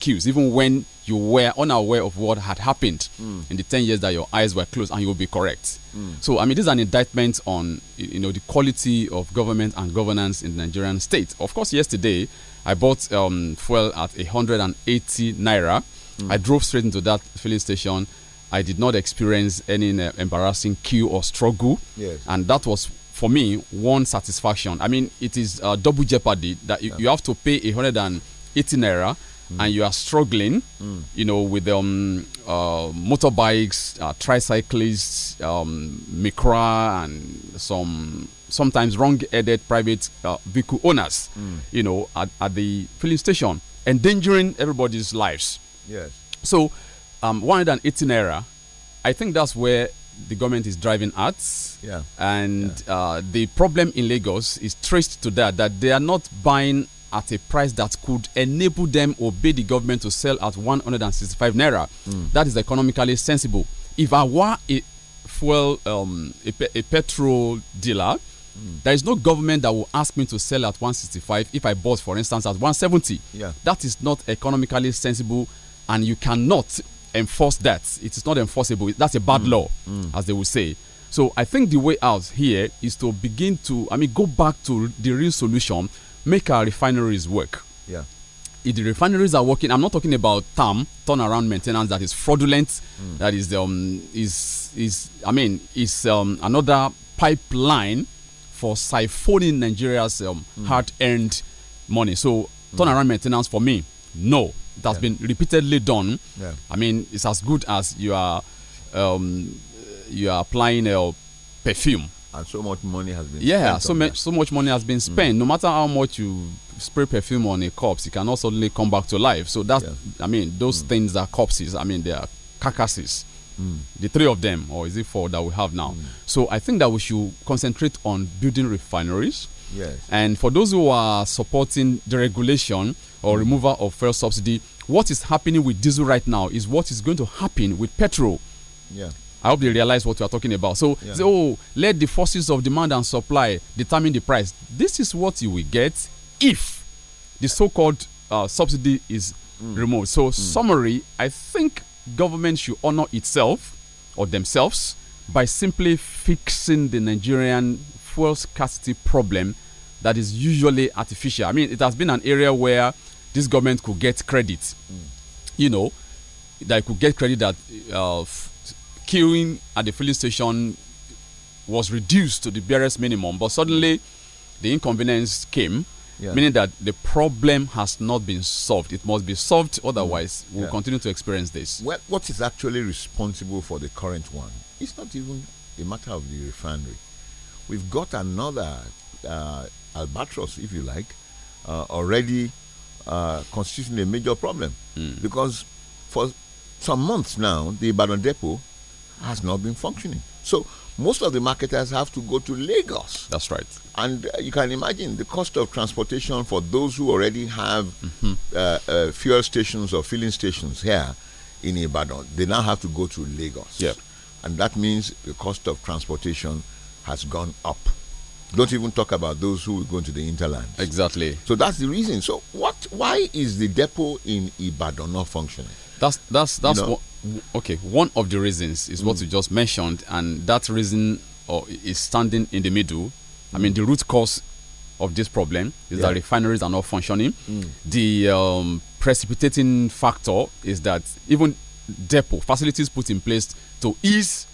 cues, even when you were unaware of what had happened mm. in the 10 years that your eyes were closed, and you will be correct. Mm. So, I mean, this is an indictment on you know the quality of government and governance in the Nigerian state. Of course, yesterday I bought um, fuel at 180 naira. Mm. I drove straight into that filling station. I did not experience any uh, embarrassing queue or struggle, yes. and that was for me one satisfaction. I mean, it is uh, double jeopardy that you, yeah. you have to pay 180 naira and you are struggling, mm. you know, with um, uh, motorbikes, uh, tricyclists, um, Mikra, and some sometimes wrong-headed private uh, vehicle owners, mm. you know, at, at, the filling station, endangering everybody's lives. Yes. So, um, 180 naira, I think that's where the government is driving at. Yeah. And yeah. Uh, the problem in Lagos is traced to that, that they are not buying at a price that could enable them obey the government to sell at 165 naira. Mm. That is economically sensible. If I were a fuel um, a, pe a petrol dealer, Mm. There is no government that will ask me to sell at 165 if I bought, for instance, at 170. Yeah. That is not economically sensible, and you cannot enforce that. It is not enforceable. That's a bad mm. law, mm. as they will say. So I think the way out here is to begin to, I mean, go back to the real solution, make our refineries work. Yeah. If the refineries are working, I'm not talking about TAM turnaround maintenance that is fraudulent, mm. that is um is is I mean is um another pipeline for siphoning Nigeria's um, mm. hard-earned money. So mm. turnaround mm. maintenance for me, no, it has yeah. been repeatedly done. Yeah. I mean, it's as good as you are um, you are applying a uh, perfume and so much money has been yeah so much so much money has been mm. spent mm. no matter how much you spray perfume on a corpse it cannot suddenly come back to life so that's yes. i mean those mm. things are corpses i mean they are carcasses mm. the three of them or is it four that we have now mm. so i think that we should concentrate on building refineries yes and for those who are supporting the regulation or mm. removal of fuel subsidy what is happening with diesel right now is what is going to happen with petrol yeah I hope they realize what we are talking about. So, yeah. oh, let the forces of demand and supply determine the price. This is what you will get if the so-called uh, subsidy is mm. removed. So, mm. summary: I think government should honor itself or themselves by simply fixing the Nigerian fuel scarcity problem that is usually artificial. I mean, it has been an area where this government could get credit. Mm. You know, that could get credit that. Uh, queuing at the filling station was reduced to the barest minimum, but suddenly the inconvenience came, yeah. meaning that the problem has not been solved. It must be solved, mm. otherwise, we'll continue to experience this. Well, what is actually responsible for the current one? It's not even a matter of the refinery. We've got another uh, albatross, if you like, uh, already uh, constituting a major problem mm. because for some months now, the Ibadan depot has not been functioning. So most of the marketers have to go to Lagos. That's right. And uh, you can imagine the cost of transportation for those who already have mm -hmm. uh, uh, fuel stations or filling stations here in Ibadan. They now have to go to Lagos. Yep. And that means the cost of transportation has gone up. Don't even talk about those who go to the interland. Exactly. So that's the reason. So what? Why is the depot in Ibadan not functioning? That's that's that's you know? what, okay. One of the reasons is mm. what you just mentioned, and that reason or, is standing in the middle. I mean, mm. the root cause of this problem is yeah. that refineries are not functioning. Mm. The um, precipitating factor is that even depot facilities put in place to ease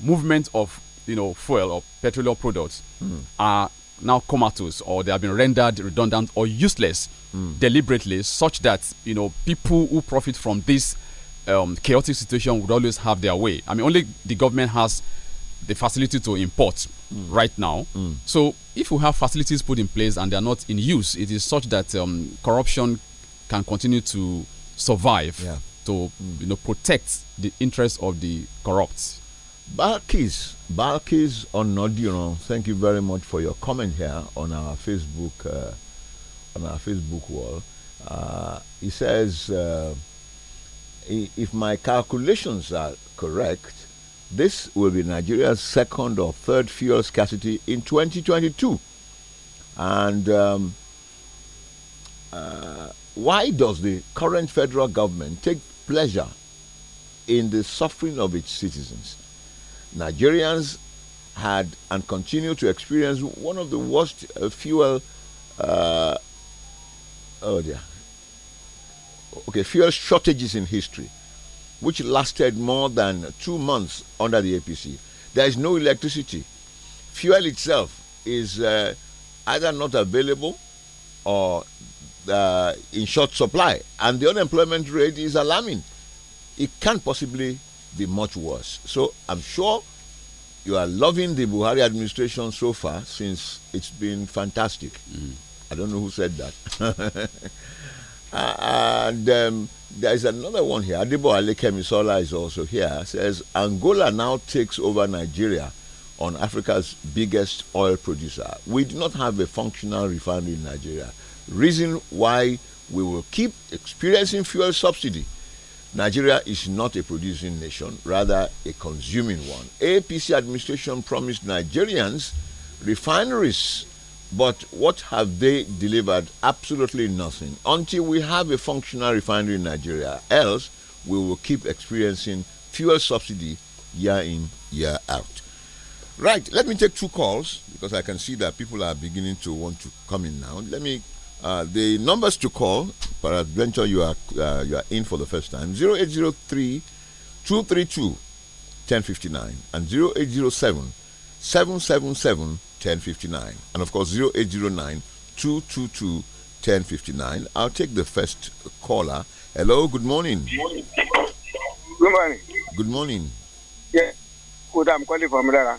movement of you know fuel or petroleum products mm. are now comatose or they have been rendered redundant or useless mm. deliberately, such that you know people who profit from this um, chaotic situation would always have their way. I mean, only the government has the facility to import mm. right now. Mm. So if we have facilities put in place and they are not in use, it is such that um, corruption can continue to survive yeah. to hmm. you know protect the interests of the corrupt. Balkis, Balkis Onodiran, thank you very much for your comment here on our Facebook uh, on our Facebook wall. Uh, he says, uh, if my calculations are correct, this will be Nigeria's second or third fuel scarcity in 2022. And um, uh, why does the current federal government take pleasure in the suffering of its citizens? Nigerians had and continue to experience one of the worst uh, fuel. Uh, oh dear. Okay, fuel shortages in history, which lasted more than two months under the APC. There is no electricity. Fuel itself is uh, either not available or uh, in short supply, and the unemployment rate is alarming. It can't possibly be much worse. So I'm sure you are loving the Buhari administration so far since it's been fantastic. Mm. I don't know who said that. Uh, and um, there is another one here. Adibo Ali is also here. Says Angola now takes over Nigeria on Africa's biggest oil producer. We do not have a functional refinery in Nigeria. Reason why we will keep experiencing fuel subsidy Nigeria is not a producing nation, rather a consuming one. APC administration promised Nigerians refineries, but what have they delivered? Absolutely nothing. Until we have a functional refinery in Nigeria, else we will keep experiencing fuel subsidy year in, year out. Right, let me take two calls because I can see that people are beginning to want to come in now. Let me uh, the numbers to call, peradventure you are uh, you are in for the first time, 0803 232 1059 and 0807 777 1059 and of course 0809 222 1059. I'll take the first caller. Hello, good morning. Good morning. Good morning. Yeah, good. I'm calling from Lara.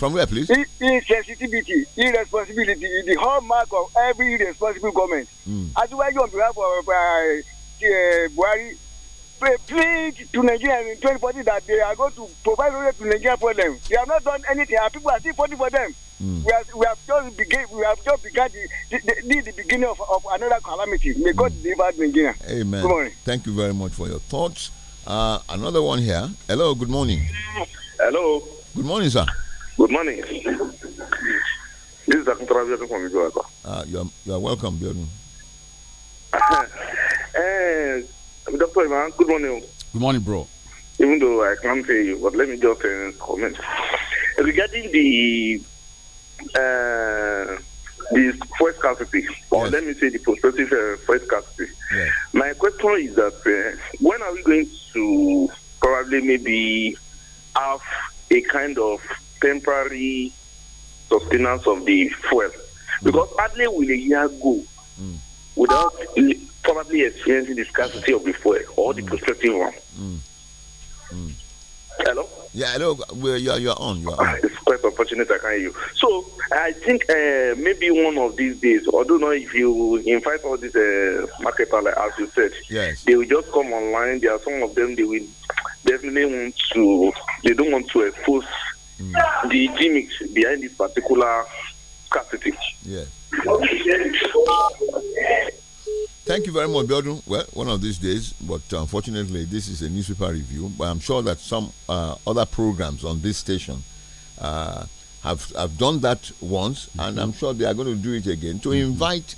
From where, please? Insensitivity, irresponsibility is the hallmark of every irresponsible government. Hmm. As well, on behalf of uh, uh, Buhari, plead to Nigeria in 2040 that they are going to provide relief to Nigeria for them. They have not done anything, and people are still fighting for them. Mm. We, have, we have just begun, we have just begun the, the, the, the beginning of, of, another calamity. May God mm. deliver Nigeria. Amen. Good morning. Thank you very much for your thoughts. Uh, another one here. Hello, good morning. Hello. Good morning, sir. Good morning. This is Doctor Traviatin from Ijoaka. Uh, you, are, welcome, Bjorn. Dr. Iman, good morning. Good morning, bro. Even though I can't hear you, but let me just uh, comment. Regarding the uh, the first scarcity, or yes. let me say the prospective uh, first scarcity, yes. my question is that when are we going to probably maybe have a kind of temporary sustenance of the fuel. Because hardly will a year go mm. without probably experiencing the scarcity of the fuel or the prospective mm. one. Mm. Mm. Hello? Yeah, hello. Well, you are, you are on. You are on. It's quite unfortunate I can hear you. So I think uh, maybe one of these days, I don't know if you invite all these uh, marketers, like, as you said, yes. they will just come online. There are some of them they will definitely want to. They don't want to expose Mm. The gimmicks behind this particular scarcity. Yeah. Thank you very much, Biodun. Well, one of these days, but unfortunately, this is a newspaper review. But I'm sure that some uh, other programs on this station uh, have have done that once, mm -hmm. and mm-hmm. I'm sure they are going to do it again to mm -hmm. invite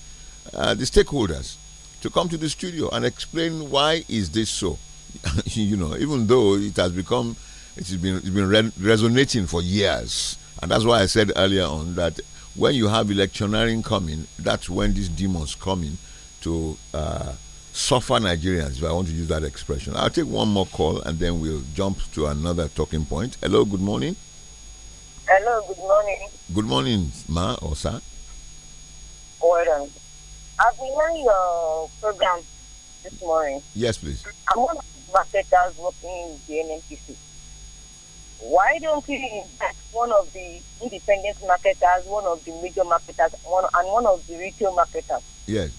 uh, the stakeholders to come to the studio and explain why is this so. you know, even though it has become it's been it's been re resonating for years, and that's why I said earlier on that when you have electioneering coming, that's when these demons come in to uh, suffer Nigerians. If I want to use that expression, I'll take one more call and then we'll jump to another talking point. Hello, good morning. Hello, good morning. Good morning, ma or sir. Well done. I've been hearing your program this morning. Yes, please. I'm one of the marketers working in the NMPC. Why don't we invest one of the independent marketers, one of the major marketers, one, and one of the retail marketers? Yes.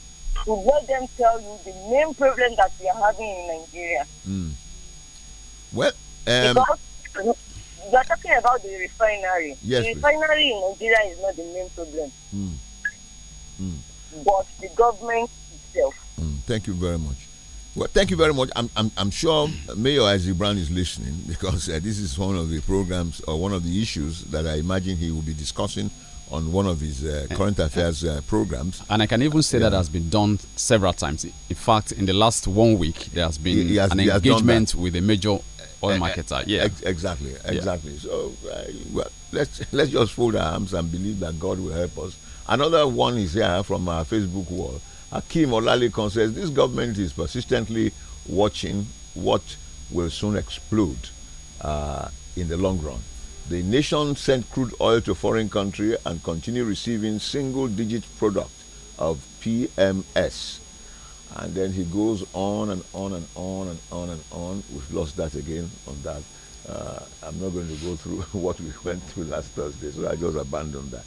To let them tell you the main problem that we are having in Nigeria. Mm. Well, um, because you are talking about the refinery. Yes, the refinery please. in Nigeria is not the main problem. Mm. Mm. But the government itself. Mm. Thank you very much. Well, thank you very much. I'm, I'm, I'm sure Mayor Isaac Brown is listening because uh, this is one of the programs or one of the issues that I imagine he will be discussing on one of his uh, eh, current eh. affairs uh, programs. And I can even say yeah. that has been done several times. In fact, in the last one week, there has been he, he has, an engagement with a major eh, oil marketer. Yeah, ex exactly, exactly. Yeah. So, uh, well, let's let's just fold our arms and believe that God will help us. Another one is here from our Facebook wall. Akim Olalekan says this government is persistently watching what will soon explode uh, in the long run. The nation sent crude oil to foreign country and continue receiving single-digit product of PMS. And then he goes on and on and on and on and on. We've lost that again on that. Uh, I'm not going to go through what we went through last Thursday, so I just abandoned that.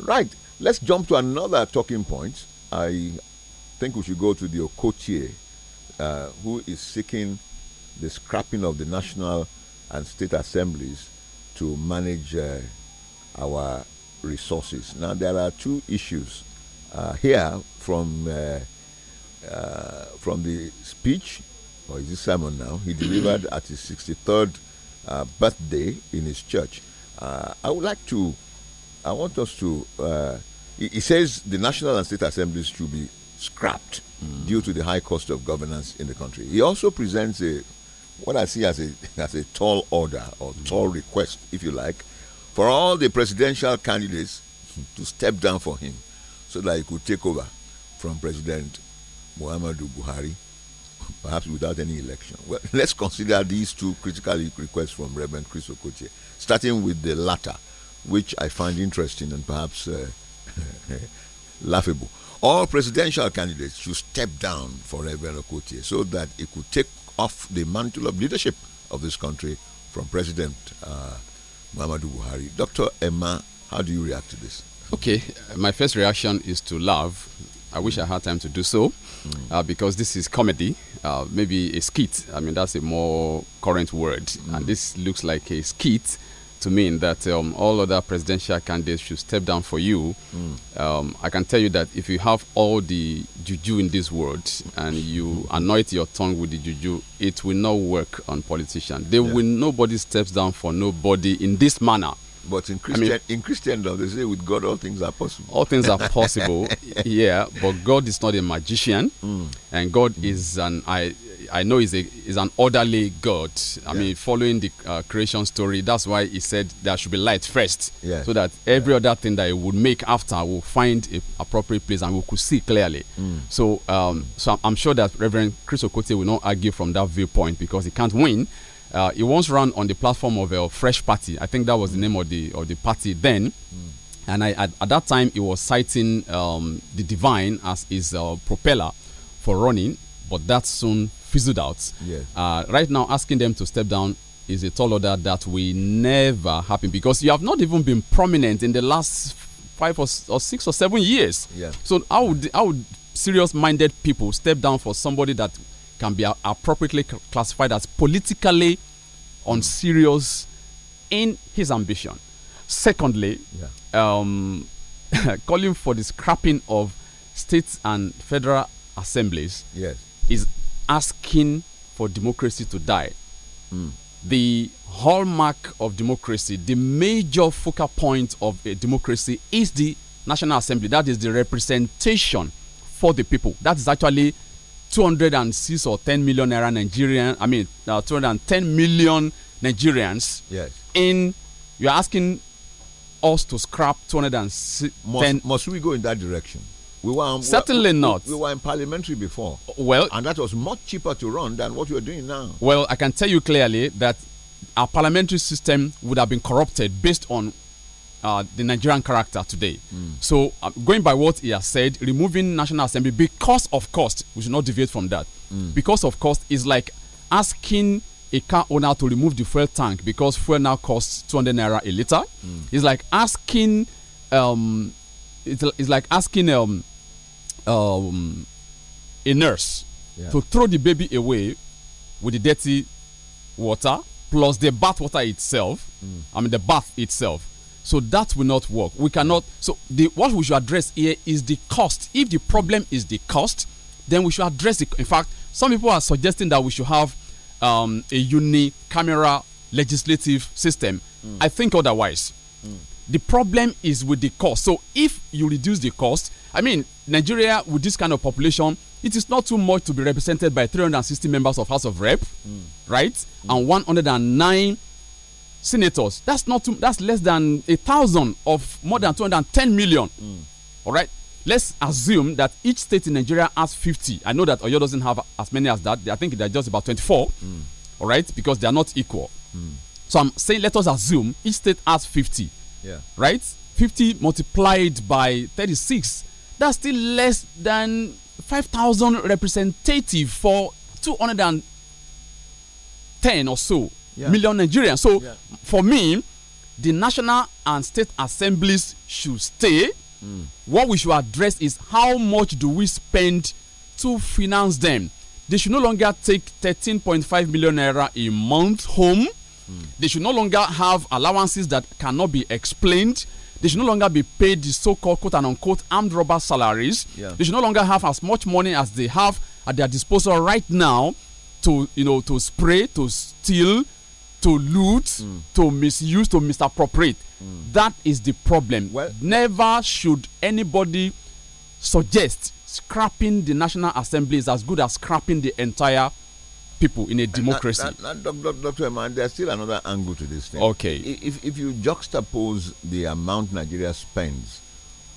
Right, let's jump to another talking point. I think we should go to the Okotie, uh, who is seeking the scrapping of the national and state assemblies to manage uh, our resources. Now, there are two issues uh, here from uh, uh, from the speech, or is it sermon now, he delivered at his 63rd uh, birthday in his church. I would like to, I want us to, he, he says the national and state assemblies should be scrapped mm. due to the high cost of governance in the country. He also presents a what I see as a as a tall order or mm. tall request, if you like, for all the presidential candidates to step down for him so that he could take over from President Muhammadu Buhari, perhaps without any election. Well, let's consider these two critical requests from Reverend Chris Okoche, starting with the latter, which I find interesting and perhaps uh, laughable. All presidential candidates should step down for Reverend Okotie so that he could take off the mantle of leadership of this country from President uh, Muhammadu Buhari. Dr. Emma, how do you react to this? Okay, my first reaction is to laugh. I wish I had time to do so mm. uh, because this is comedy, uh, maybe a skit. I mean, that's a more current word. Mm. And this looks like a skit to mean that um, all other presidential candidates should step down for you. Mm. Um, I can tell you that if you have all the juju in this world and you anoint your tongue with the juju, it will not work on politicians. They yeah. will nobody steps down for nobody in this manner. But in Christian I mean, in Christendom, they say with God all things are possible. All things are possible, yeah. But God is not a magician, mm. and God mm. is an I I know is a is an orderly God. I yeah. mean, following the uh, creation story, that's why He said there should be light first, so that every yeah. other thing that He would make after will find a appropriate place and we could see clearly. Mm. So, um, so I'm sure that Reverend Chris Okote will not argue from that viewpoint because he can't win uh, it once ran on the platform of uh, Fresh Party. I think that was the name of the of the party then. Mm. And I, at, at, that time, he was citing um, the divine as his uh, propeller for running, but that soon fizzled out. Yes. Uh, right now, asking them to step down is a tall order that will never happen because you have not even been prominent in the last five or, or six or seven years. Yeah. So how would how would serious-minded people step down for somebody that can be appropriately classified as politically unserious in his ambition. Secondly, yeah. um, calling for the scrapping of states and federal assemblies yes. is asking for democracy to die. Mm. The hallmark of democracy, the major focal point of a democracy is the National Assembly. That is the representation for the people. That is actually 206 or 10 million naira Nigerian, I mean, uh, 210 million Nigerians. Yes. In, you're asking us to scrap 210. Must, must we go in that direction? We were certainly we, not. We, we were in parliamentary before. Well, and that was much cheaper to run than what you're doing now. Well, I can tell you clearly that our parliamentary system would have been corrupted based on uh, the Nigerian character today. Mm. So, uh, going by what he has said, removing National Assembly because of cost, we should not deviate from that. Mm. Because of cost is like asking a car owner to remove the fuel tank because fuel now costs 200 naira a liter. Mm. It's like asking, um, it's, it's like asking um, um, a nurse yeah. to throw the baby away with the dirty water plus the bath water itself. Mm. I mean, the bath itself so that will not work. We cannot. So the, what we should address here is the cost. If the problem is the cost, then we should address it. In fact, some people are suggesting that we should have um, a uni camera legislative system. Mm. I think otherwise. Mm. The problem is with the cost. So if you reduce the cost, I mean, Nigeria with this kind of population, it is not too much to be represented by 360 members of House of Rep, mm. right? Hmm. And 109 senators. That's not too, that's less than a thousand of more than 210 million. Mm. All right. Let's assume that each state in Nigeria has 50. I know that Oyo doesn't have as many as that. I think they're just about 24. Mm. All right, because they are not equal. Mm. So I'm saying let us assume each state has 50. Yeah. Right? 50 multiplied by 36. That's still less than 5,000 representative for 210 or so yeah. million Nigerians. So yeah. for me, the national and state assemblies should stay. Mm. What we should address is how much do we spend to finance them? They should no longer take 13.5 million naira a month home. Mm. They should no longer have allowances that cannot be explained. They should no longer be paid the so-called quote and unquote armed robber salaries. Yeah. They should no longer have as much money as they have at their disposal right now to you know to spray, to steal, to loot, mm. to misuse, to misappropriate. Mm. That is the problem. Well, Never should anybody suggest scrapping the National Assembly is as good as scrapping the entire people in a democracy. Dr. Eman, there's still another angle to this thing. Okay. If, if you juxtapose the amount Nigeria spends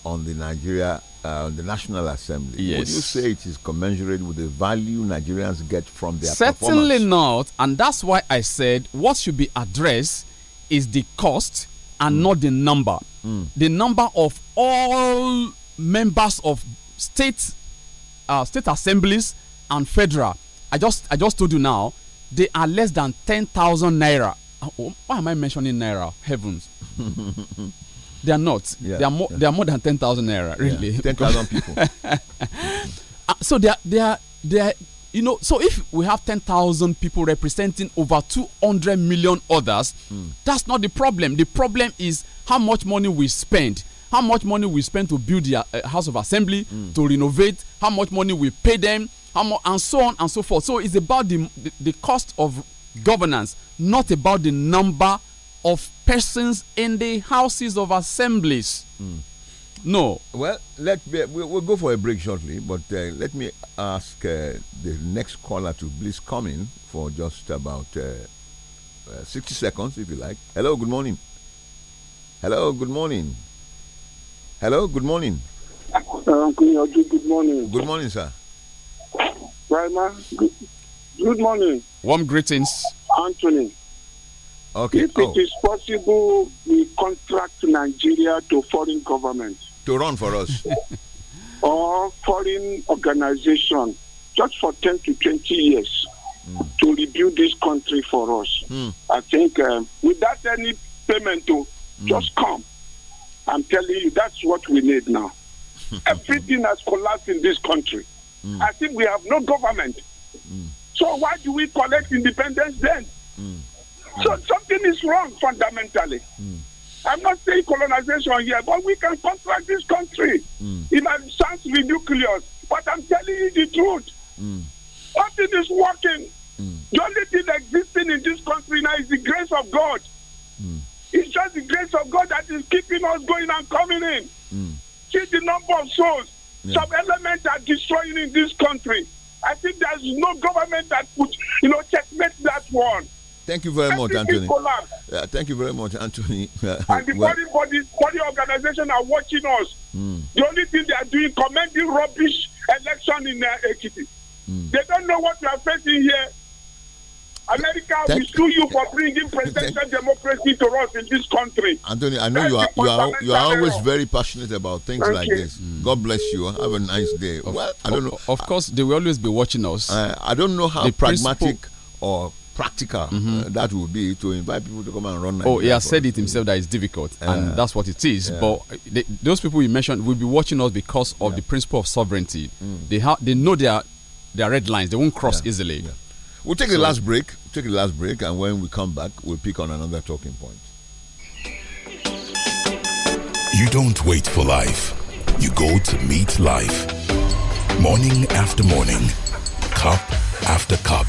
on the Nigeria uh, the National Assembly. Yes. Would you say it is commensurate with the value Nigerians get from their Certainly not, and that's why I said what should be addressed is the cost and mm. not the number. Mm. The number of all members of state uh, state assemblies and federal. I just I just told you now they are less than ten thousand naira. Uh, why am I mentioning naira? Heavens. They are not. they are more. They are more than ten thousand naira, really. Yeah, ten thousand people. uh, so they are. They are. They are. You know. So if we have ten thousand people representing over two hundred million others, mm. that's not the problem. The problem is how much money we spend. How much money we spend to build the uh, eh, House of Assembly, mm. to renovate. How much money we pay them. How much, and so on and so forth. So it's about the, the, the cost of governance, not about the number of persons in the houses of assemblies. Mm. No. Well, let me, we'll, go for a break shortly, but uh, let me ask uh, the next caller to please come in for just about uh, uh 60 seconds, if you like. Hello, good morning. Hello, good morning. Hello, good morning. good morning. Good morning, sir. good morning. Warm greetings. Anthony. Okay. If oh. it is possible, we contract Nigeria to foreign government to run for us, or foreign organization, just for ten to twenty years, mm. to rebuild this country for us. Mm. I think uh, without any payment, to oh, mm. just come. I'm telling you, that's what we need now. Everything has collapsed in this country. Hmm. I think we have no government. Hmm. So why do we collect independence then? Hmm. So mm. something is wrong fundamentally. Mm. I'm not saying colonization here, but we can contract this country. Mm. It might sound ridiculous, but I'm telling you the truth. Mm. Nothing is working. Mm. The only thing existing in this country now is the grace of God. Mm. It's just the grace of God that is keeping us going and coming in. Mm. See the number of souls. Yeah. Some elements are destroying in this country. I think there's no government that could, you know, checkmate that one. Thank you very much, Anthony. Yeah, thank you very much, Anthony. and the well, body, body, organization are watching us. Mm. The only thing they are doing commending rubbish election in their uh, Ekiti. Mm. They don't know what we are facing here. America, thank, we sue you for bringing presidential thank, democracy to us in this country. Anthony, I know you are, you are you are always very passionate about things thank like you. this. Mm. God bless you. Have a nice day. Of, well, I don't know. Of course, they will always be watching us. Uh, I don't know how the pragmatic or practical mm -hmm. that would be to invite people to come and run. Nigeria oh, he has said it himself that it's difficult, yeah. and that's what it is. Yeah. But uh, they, those people you mentioned will be watching us because of yeah. the principle of sovereignty. Mm. They have they know their their red lines. They won't cross easily. We'll take so, the last break. Take the last break, and when we come back, we'll pick on another talking point. You don't wait for life. You go to meet life. Morning after morning, cup after cup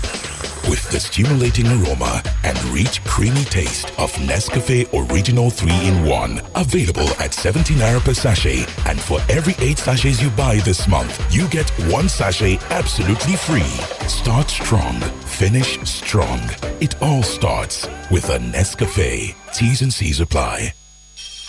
with the stimulating aroma and rich creamy taste of Nescafe Original 3-in-1. Available at 17 naira per sachet. And for every 8 sachets you buy this month, you get 1 sachet absolutely free. Start strong, finish strong. It all starts with a Nescafe. T's and C's apply.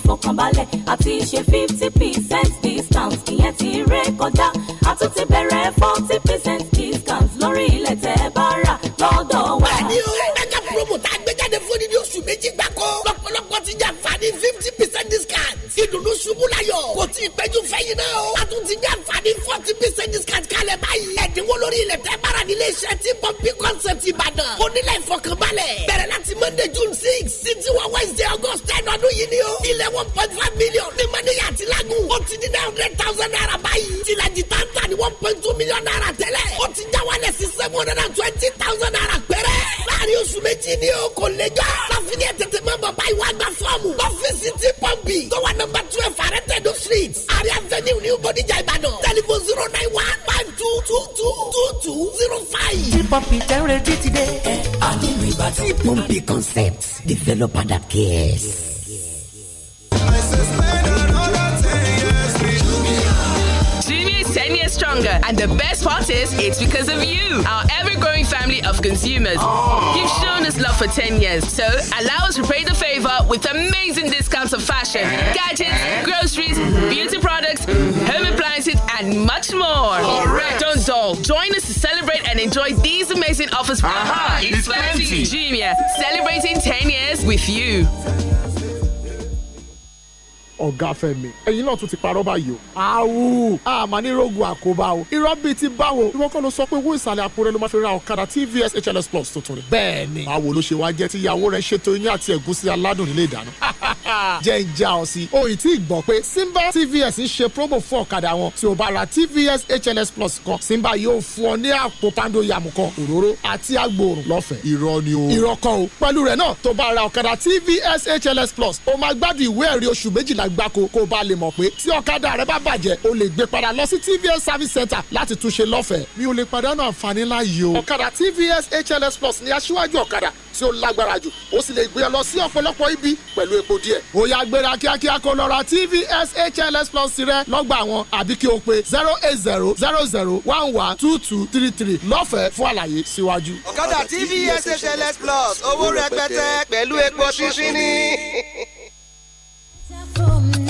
ìfọkànbalẹ̀ àti ṣe fifty percent discount ìyẹn ti ré kọjá a tún ti bẹ̀rẹ̀ forty percent discount lórí ilẹ̀ tẹ́ bá rà lọ́dọ̀ wa. àní o ẹgbẹ́ promo tá a gbé jáde fún ní oṣù méjì gbáko lọ́pọ̀lọpọ̀ ti jẹ́ àǹfààní fifty percent discount tí dùnú ṣubú láyọ̀ kò tí ì péjú fẹ́ yín náà o. a tún ti ní àǹfààní forty percent discount kalẹ̀ báyìí. ẹ̀dínwó lórí ilẹ̀ tẹ́ bára nílé iṣẹ́ tí pọ́ńpì concept ìbàdàn. onílẹ̀ ìfọkànbalẹ̀ bẹ̀rẹ̀ láti monday june six sí tiwọn wednesday august ten ọdún yìí ni o. ilẹ̀ one point five million ní mọ́níyà àti lágùn. ó ti di nine hundred thousand naira báyìí. tìlàjì táǹtà ni one point two million naira tẹ́lẹ̀. ó ti já wálẹ̀ sí seven hundred and twenty thousand naira pẹ́rẹ́. láàrin oṣù méjì ni o kò number twelve arẹ́tẹ̀dó street àrí avenue new bodijà ìbàdàn telephone zero nine one five two two two two two zero five. tí pọ́ǹpì tẹ́rẹ̀ tí ti dé. ẹ àdínú ìbàdàn. tí pọ́ǹpì concept developer that cares. Yeah, yeah, yeah. 10 years stronger. And the best part is, it's because of you, our ever growing family of consumers. Oh. You've shown us love for 10 years. So allow us to pay the favor with amazing discounts of fashion, gadgets, groceries, beauty products, home appliances, and much more. Don't dull. Join us to celebrate and enjoy these amazing offers. Aha, uh-huh, it's plenty. Junior, celebrating 10 years with you. ọ̀gá fẹ́mi ẹ̀yin náà tún ti parọ́ báyìí o. àwù àmà ní rogo àkóbá o irọ́ bíi ti báwo ìwọ kọ́ ló sọ pé owó ìsàlẹ̀ àpò rẹ ló máa fi ra ọ̀kadà tvs hls plus tuntun rẹ. bẹ́ẹ̀ni báwo ló ṣe wá jẹ́ tí ìyàwó rẹ ṣètò iyán àti ẹ̀gúsí aládùn nílé ìdáná. jẹ́ ń já ọ sí. o ì tí ì gbọ́ pé simba tvs ń ṣe promo fún ọ̀kadà wọn tí o bá ra tvs hls plus kan simba yóò fún ọ ní àpò pando yàmù kan òróró àti agbòòrùn lọ́fẹ̀ẹ́. irọ́ ni o. irọ́ kan o pẹ̀lú rẹ̀ náà tó bá ra ọ̀kadà tvs hls plus o máa gbádùn ìwé ẹ̀rí oṣù méjìlá àgbákò kó o bá lè mọ̀ pé tí ọ̀kadà rẹ bá bàjẹ́ o lè gbé padà lọ sí tvs service center láti túnṣe lọ́fẹ̀ẹ́. mi ò lè pàdánù àǹfààní láàyè o. ọ̀kadà tvs hls plus ni aṣíwájú ọ̀kadà tí ó lágbára jù ó sì lè gbé ọ lọ sí ọ̀pọ̀lọpọ̀ ibi pẹ̀lú epo díẹ̀. ó yá gbéra kíákíá kó lọ ra tvs hls plus rẹ lọ́gbà wọn àbí kí o pe zero eight zero zero zero one one two two three three lọ́fẹ̀ẹ́ fún àlàyé síwájú. ọ̀kadà tvs hls plus owó rẹpẹtẹ pẹ̀lú epo ṣíṣí ní. come now.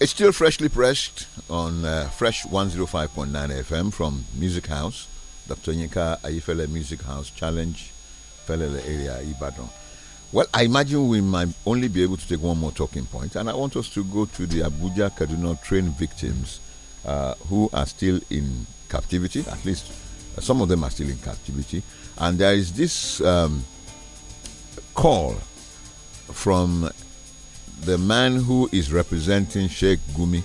It's still freshly pressed on uh, Fresh 105.9 FM from Music House, Dr. Yinka Ayifele Music House Challenge, Felele area, Ibadan. Well, I imagine we might only be able to take one more talking point, and I want us to go to the Abuja Kaduna train victims uh, who are still in captivity, at least uh, some of them are still in captivity. And there is this um, call from the man who is representing Sheikh Gumi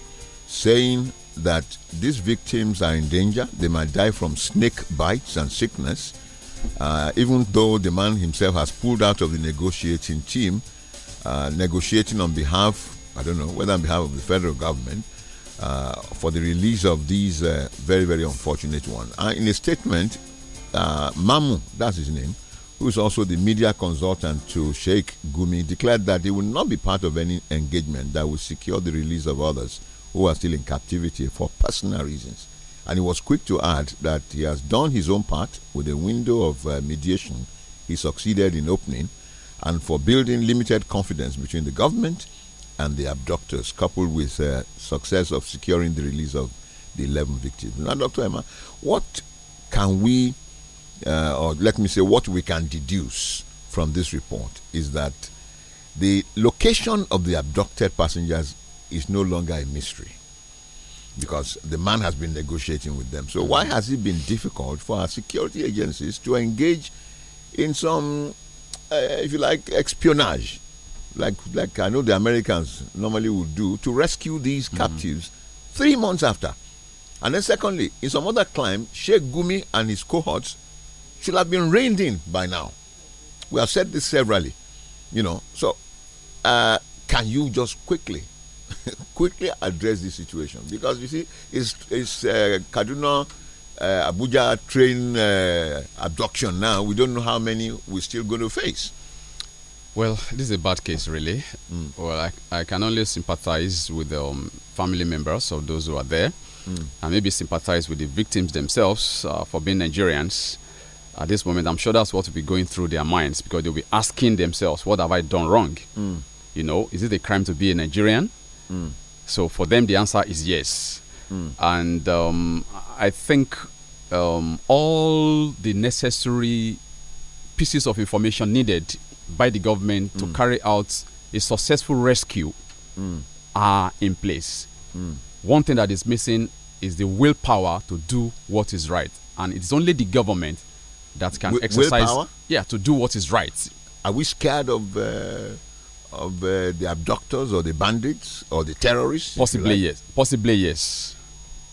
saying that these victims are in danger. They might die from snake bites and sickness. Uh, even though the man himself has pulled out of the negotiating team, uh, negotiating on behalf, I don't know, whether on behalf of the federal government, uh, for the release of these uh, very, very unfortunate ones. Uh, in a statement, uh, Mamu, that's his name, who is also the media consultant to Sheikh Gumi, declared that he will not be part of any engagement that will secure the release of others who are still in captivity for personal reasons. And he was quick to add that he has done his own part with a window of uh, mediation he succeeded in opening and for building limited confidence between the government and the abductors, coupled with uh, success of securing the release of the 11 victims. Now, Dr. Emma, what can we uh, or let me say, what we can deduce from this report is that the location of the abducted passengers is no longer a mystery because the man has been negotiating with them. So, why mm. has it been difficult for our security agencies to engage in some, uh, if you like, espionage? Like, like I know the Americans normally would do to rescue these mm -hmm. captives three months after. And then, secondly, in some other crime, Sheikh Gumi and his cohorts should have been reined in by now. We have said this severally, you know. So, uh, can you just quickly, quickly address this situation? Because you see, it's, it's uh, Kaduna, uh, Abuja train uh, abduction now. We don't know how many we're still going to face. Well, this is a bad case, really. Mm. Well, I, I can only sympathize with the um, family members of those who are there mm. and maybe sympathize with the victims themselves uh, for being Nigerians at this moment, I'm sure that's what will be going through their minds because they'll be asking themselves, What have I done wrong? Mm. You know, is it a crime to be a Nigerian? Mm. So for them, the answer is yes. Mm. And um, I think um, all the necessary pieces of information needed by the government to hmm. carry out a successful rescue hmm. are in place. Hmm. One thing that is missing is the willpower to do what is right. And it's only the government that can Will, exercise willpower? yeah to do what is right are we scared of uh, of uh, the abductors or the bandits or the terrorists possibly like? yes possibly yes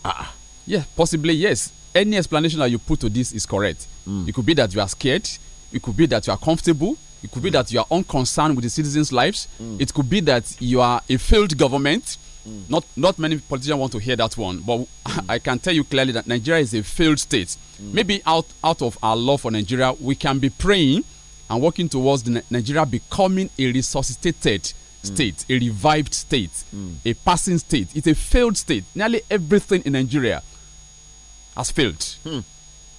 ah yeah possibly yes any explanation that you put to this is correct mm. it could be that you are scared it could be that you are comfortable it could be hmm. that you are unconcerned with the citizens lives mm. it could be that you are a failed government Mm. Not not many politicians want to hear that one, but mm. I can tell you clearly that Nigeria is a failed state. Mm. Maybe out out of our love for Nigeria, we can be praying and working towards Nigeria becoming a resuscitated mm. state, a revived state, mm. a passing state. It's a failed state. Nearly everything in Nigeria has failed. Hmm.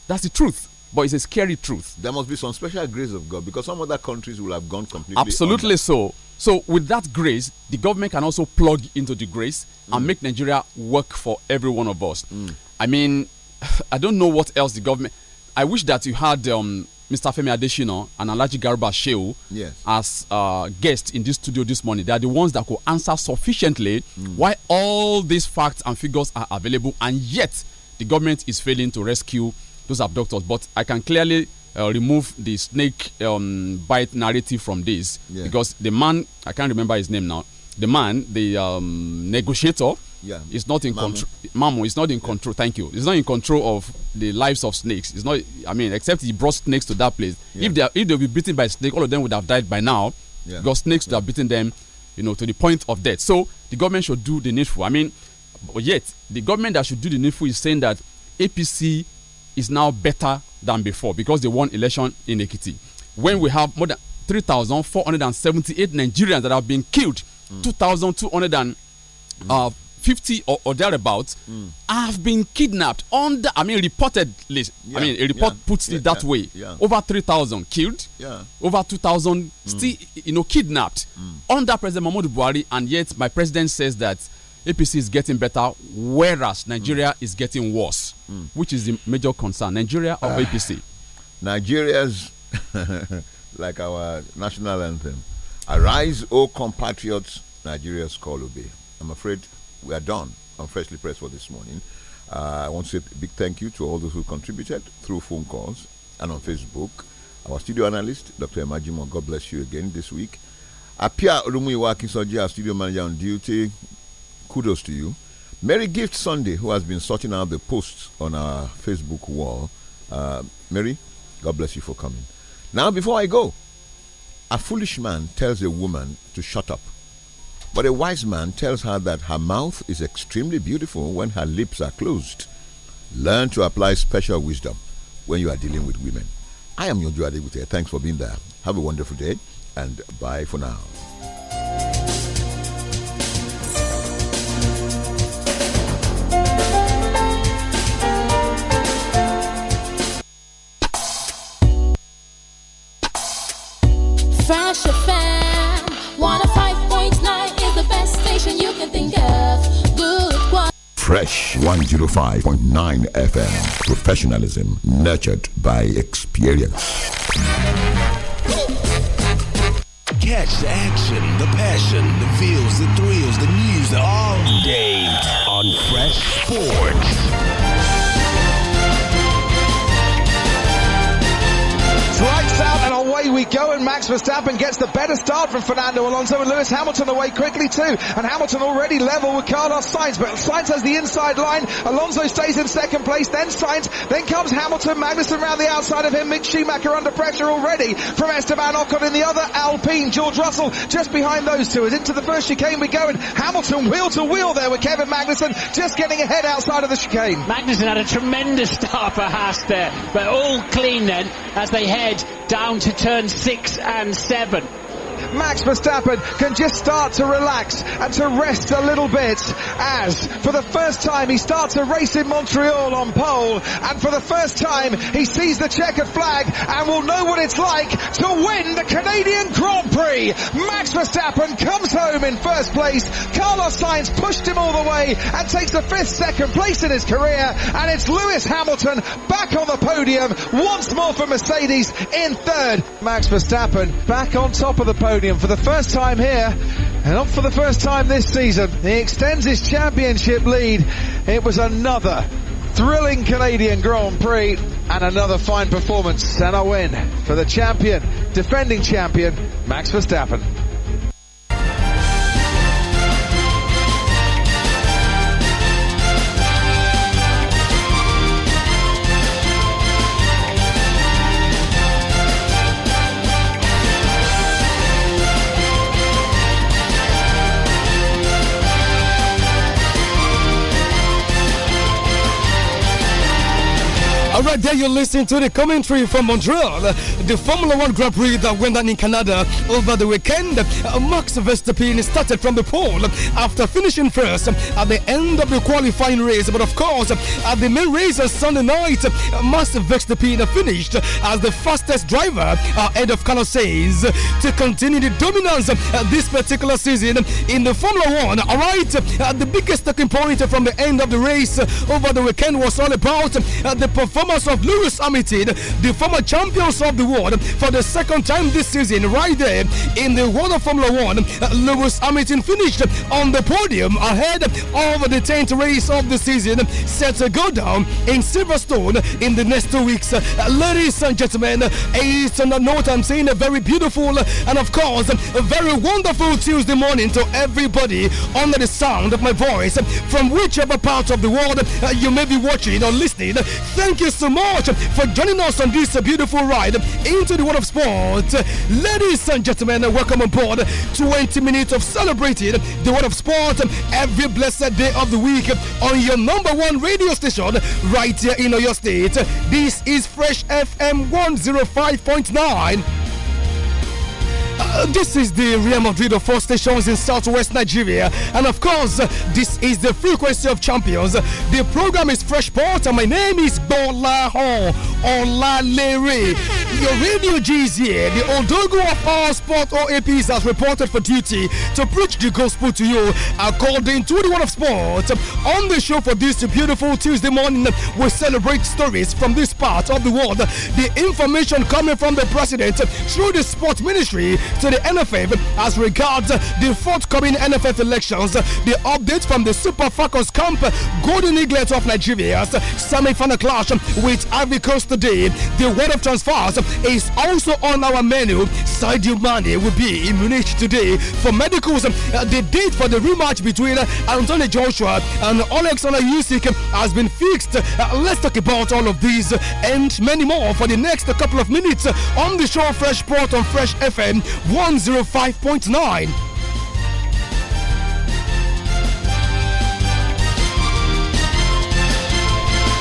That's the truth but it's a scary truth. There must be some special grace of God because some other countries will have gone completely. Absolutely so. So, with that grace, the government can also plug into the grace mm. and make Nigeria work for every one of us. Mm. I mean, I don't know what else the government. I wish that you had um, Mr. Femi Adesina and Alaji Garba Sheu yes. as uh, guests in this studio this morning. They are the ones that could answer sufficiently mm. why all these facts and figures are available, and yet the government is failing to rescue those abductors. But I can clearly uh, remove the snake um, bite narrative from this yeah. because the man I can't remember his name now. The man, the um, negotiator, yeah. is not in control. Mamu is not in control. Thank you. It's not in control of the lives of snakes. It's not. I mean, except he brought snakes to that place. Yeah. If they are, if they were bitten by snake, all of them would have died by now. Yeah. Because snakes would have bitten them, you know, to the point of death. So the government should do the needful. I mean, yet the government that should do the needful is saying that APC is now better than before because they won election in Ekiti. When we have more than 3,478 Nigerians that have been killed, mm. 2,250 uh, or, or thereabouts mm. have been kidnapped under, I mean, reportedly, yeah, I mean, a report yeah, puts yeah, it that way. Over 3,000 killed, over 2,000 mm. still, you know, kidnapped mm. under President Mahmoud Buhari, and yet my president says that APC is getting better, whereas Nigeria mm. is getting worse, mm. which is the major concern. Nigeria or uh, ah. APC? Nigeria's, like our national anthem, arise, O compatriots, Nigeria's call will be. I'm afraid we are done. I'm freshly pressed for this morning. Uh, I want to say a big thank you to all those who contributed through phone calls and on Facebook. Our studio analyst, Dr. Emajimo, God bless you again this week. Apia Olumuyiwa Akinsoji, our studio manager on duty, kudos to you. Mary Gift Sunday, who has been sorting out the posts on our Facebook wall. Uh, Mary, God bless you for coming. Now, before I go, a foolish man tells a woman to shut up, but a wise man tells her that her mouth is extremely beautiful when her lips are closed. Learn to apply special wisdom when you are dealing with women. I am Yonju Adegute. Thanks for being there. Have a wonderful day and bye for now. Fresh FM 105.9 is the best station you can think of. Good one. Fresh 105.9 FM. Professionalism nurtured by experience. Catch the action, the passion, the feels, the thrills, the news all day on Fresh Sports. we go, and Max Verstappen gets the better start from Fernando Alonso, and Lewis Hamilton away quickly too. And Hamilton already level with Carlos Sainz, but Sainz has the inside line. Alonso stays in second place, then Sainz, then comes Hamilton, Magnussen round the outside of him. Mick Schumacher under pressure already from Esteban Ocon in the other Alpine. George Russell just behind those two. As into the first chicane we go, and Hamilton wheel to wheel there with Kevin Magnussen just getting ahead outside of the chicane. Magnussen had a tremendous start for Haas there, but all clean then as they head down to turn six and seven. Max Verstappen can just start to relax and to rest a little bit as for the first time he starts a race in Montreal on pole and for the first time he sees the checkered flag and will know what it's like to win the Canadian Grand Prix. Max Verstappen comes home in first place. Carlos Sainz pushed him all the way and takes the fifth second place in his career and it's Lewis Hamilton back on the podium once more for Mercedes in third. Max Verstappen back on top of the podium for the first time here and not for the first time this season. He extends his championship lead. It was another thrilling Canadian Grand Prix and another fine performance and a win for the champion, defending champion, Max Verstappen. All right, there you listen to the commentary from Montreal. The Formula One Grand Prix that went on in Canada over the weekend. Uh, Max Verstappen started from the pole after finishing first at the end of the qualifying race. But of course, at the main race on Sunday night, Max Verstappen finished as the fastest driver uh, ahead of Carlos Sainz to continue the dominance uh, this particular season in the Formula One. All right, the biggest talking point from the end of the race over the weekend was all about the performance of Lewis Hamilton, the former champions of the world, for the second time this season, right there in the World of Formula One. Lewis Hamilton finished on the podium ahead of the 10th race of the season, set to go down in Silverstone in the next two weeks. Ladies and gentlemen, it's on the note I'm saying a very beautiful and, of course, a very wonderful Tuesday morning to everybody under the sound of my voice from whichever part of the world you may be watching or listening. Thank you so much for joining us on this beautiful ride into the world of sport. Ladies and gentlemen, welcome aboard. 20 minutes of celebrating the world of sport every blessed day of the week on your number one radio station right here in your state. This is Fresh FM 105.9. Uh, this is the Real Madrid of four stations in southwest Nigeria. And of course, this is the frequency of champions. The program is Fresh Port, and my name is Bola Hall. Olalere. Your radio GZ the Odogo of Sports sport OAPs has reported for duty to preach the gospel to you according to the one of sports On the show for this beautiful Tuesday morning, we celebrate stories from this part of the world. The information coming from the president through the sports ministry to the NFF as regards the forthcoming NFF elections, the update from the Super Falcons camp, Golden Eagles of Nigeria, semi-final clash with Ivory Coast the day. The word of transfers is also on our menu. Sadio Mane will be in Munich today for medicals. Uh, the date for the rematch between uh, Anthony Joshua and Alexander Usyk has been fixed. Uh, let's talk about all of these and many more for the next couple of minutes on the show Fresh Port on Fresh FM 105.9.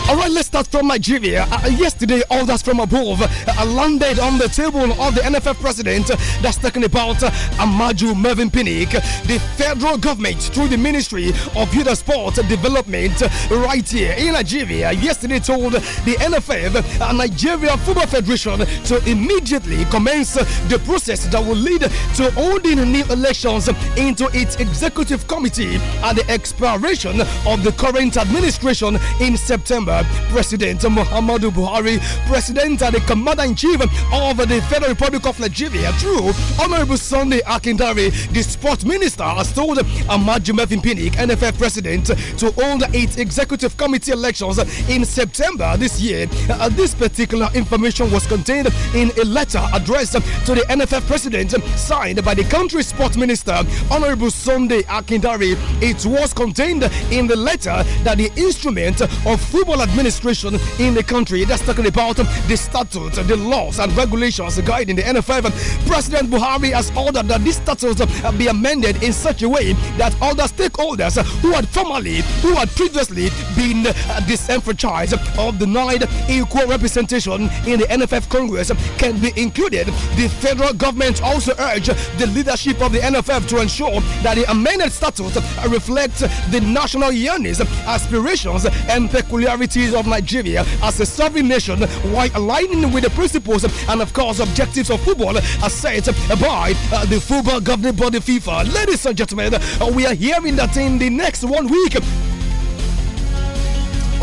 All right, let's start from Nigeria. Uh, uh yesterday, all that's from above uh, uh, landed on the table of the NFF president. that's talking about uh, Amaju Mervin Pinnick. The federal government, through the Ministry of Youth Sport Development, right here in Nigeria, yesterday told the NFF, uh, Nigeria Football Federation, to immediately commence the process that will lead to holding new elections into its executive committee at the expiration of the current administration in September uh, President Muhammadu Buhari, President and the Commander in Chief of the Federal Republic of Nigeria, true Honorable Sunday Akindari, the Sports Minister, has told Amaju Melvin Pinnick, NFF President, to hold eight Executive Committee elections in September this year. Uh, this particular information was contained in a letter addressed to the NFF President, signed by the country's Sports Minister, Honorable Sunday Akindari. It was contained in the letter that the instrument of football administration in the country. That's talking about the statutes, the laws, and regulations guiding the NFF. President Buhari has ordered that these statutes uh, be amended in such a way that all the stakeholders who had formerly, who had previously been uh, disenfranchised or denied equal representation in the NFF Congress can be included. The federal government also urged the leadership of the NFF to ensure that the amended statutes uh, reflect the national yearnings, aspirations, and peculiarities activities of Nigeria as a sovereign nation while aligning with the principles and, of course, objectives of football as set by uh, the football governing body FIFA. Ladies and gentlemen, uh, we are hearing that in the next one week,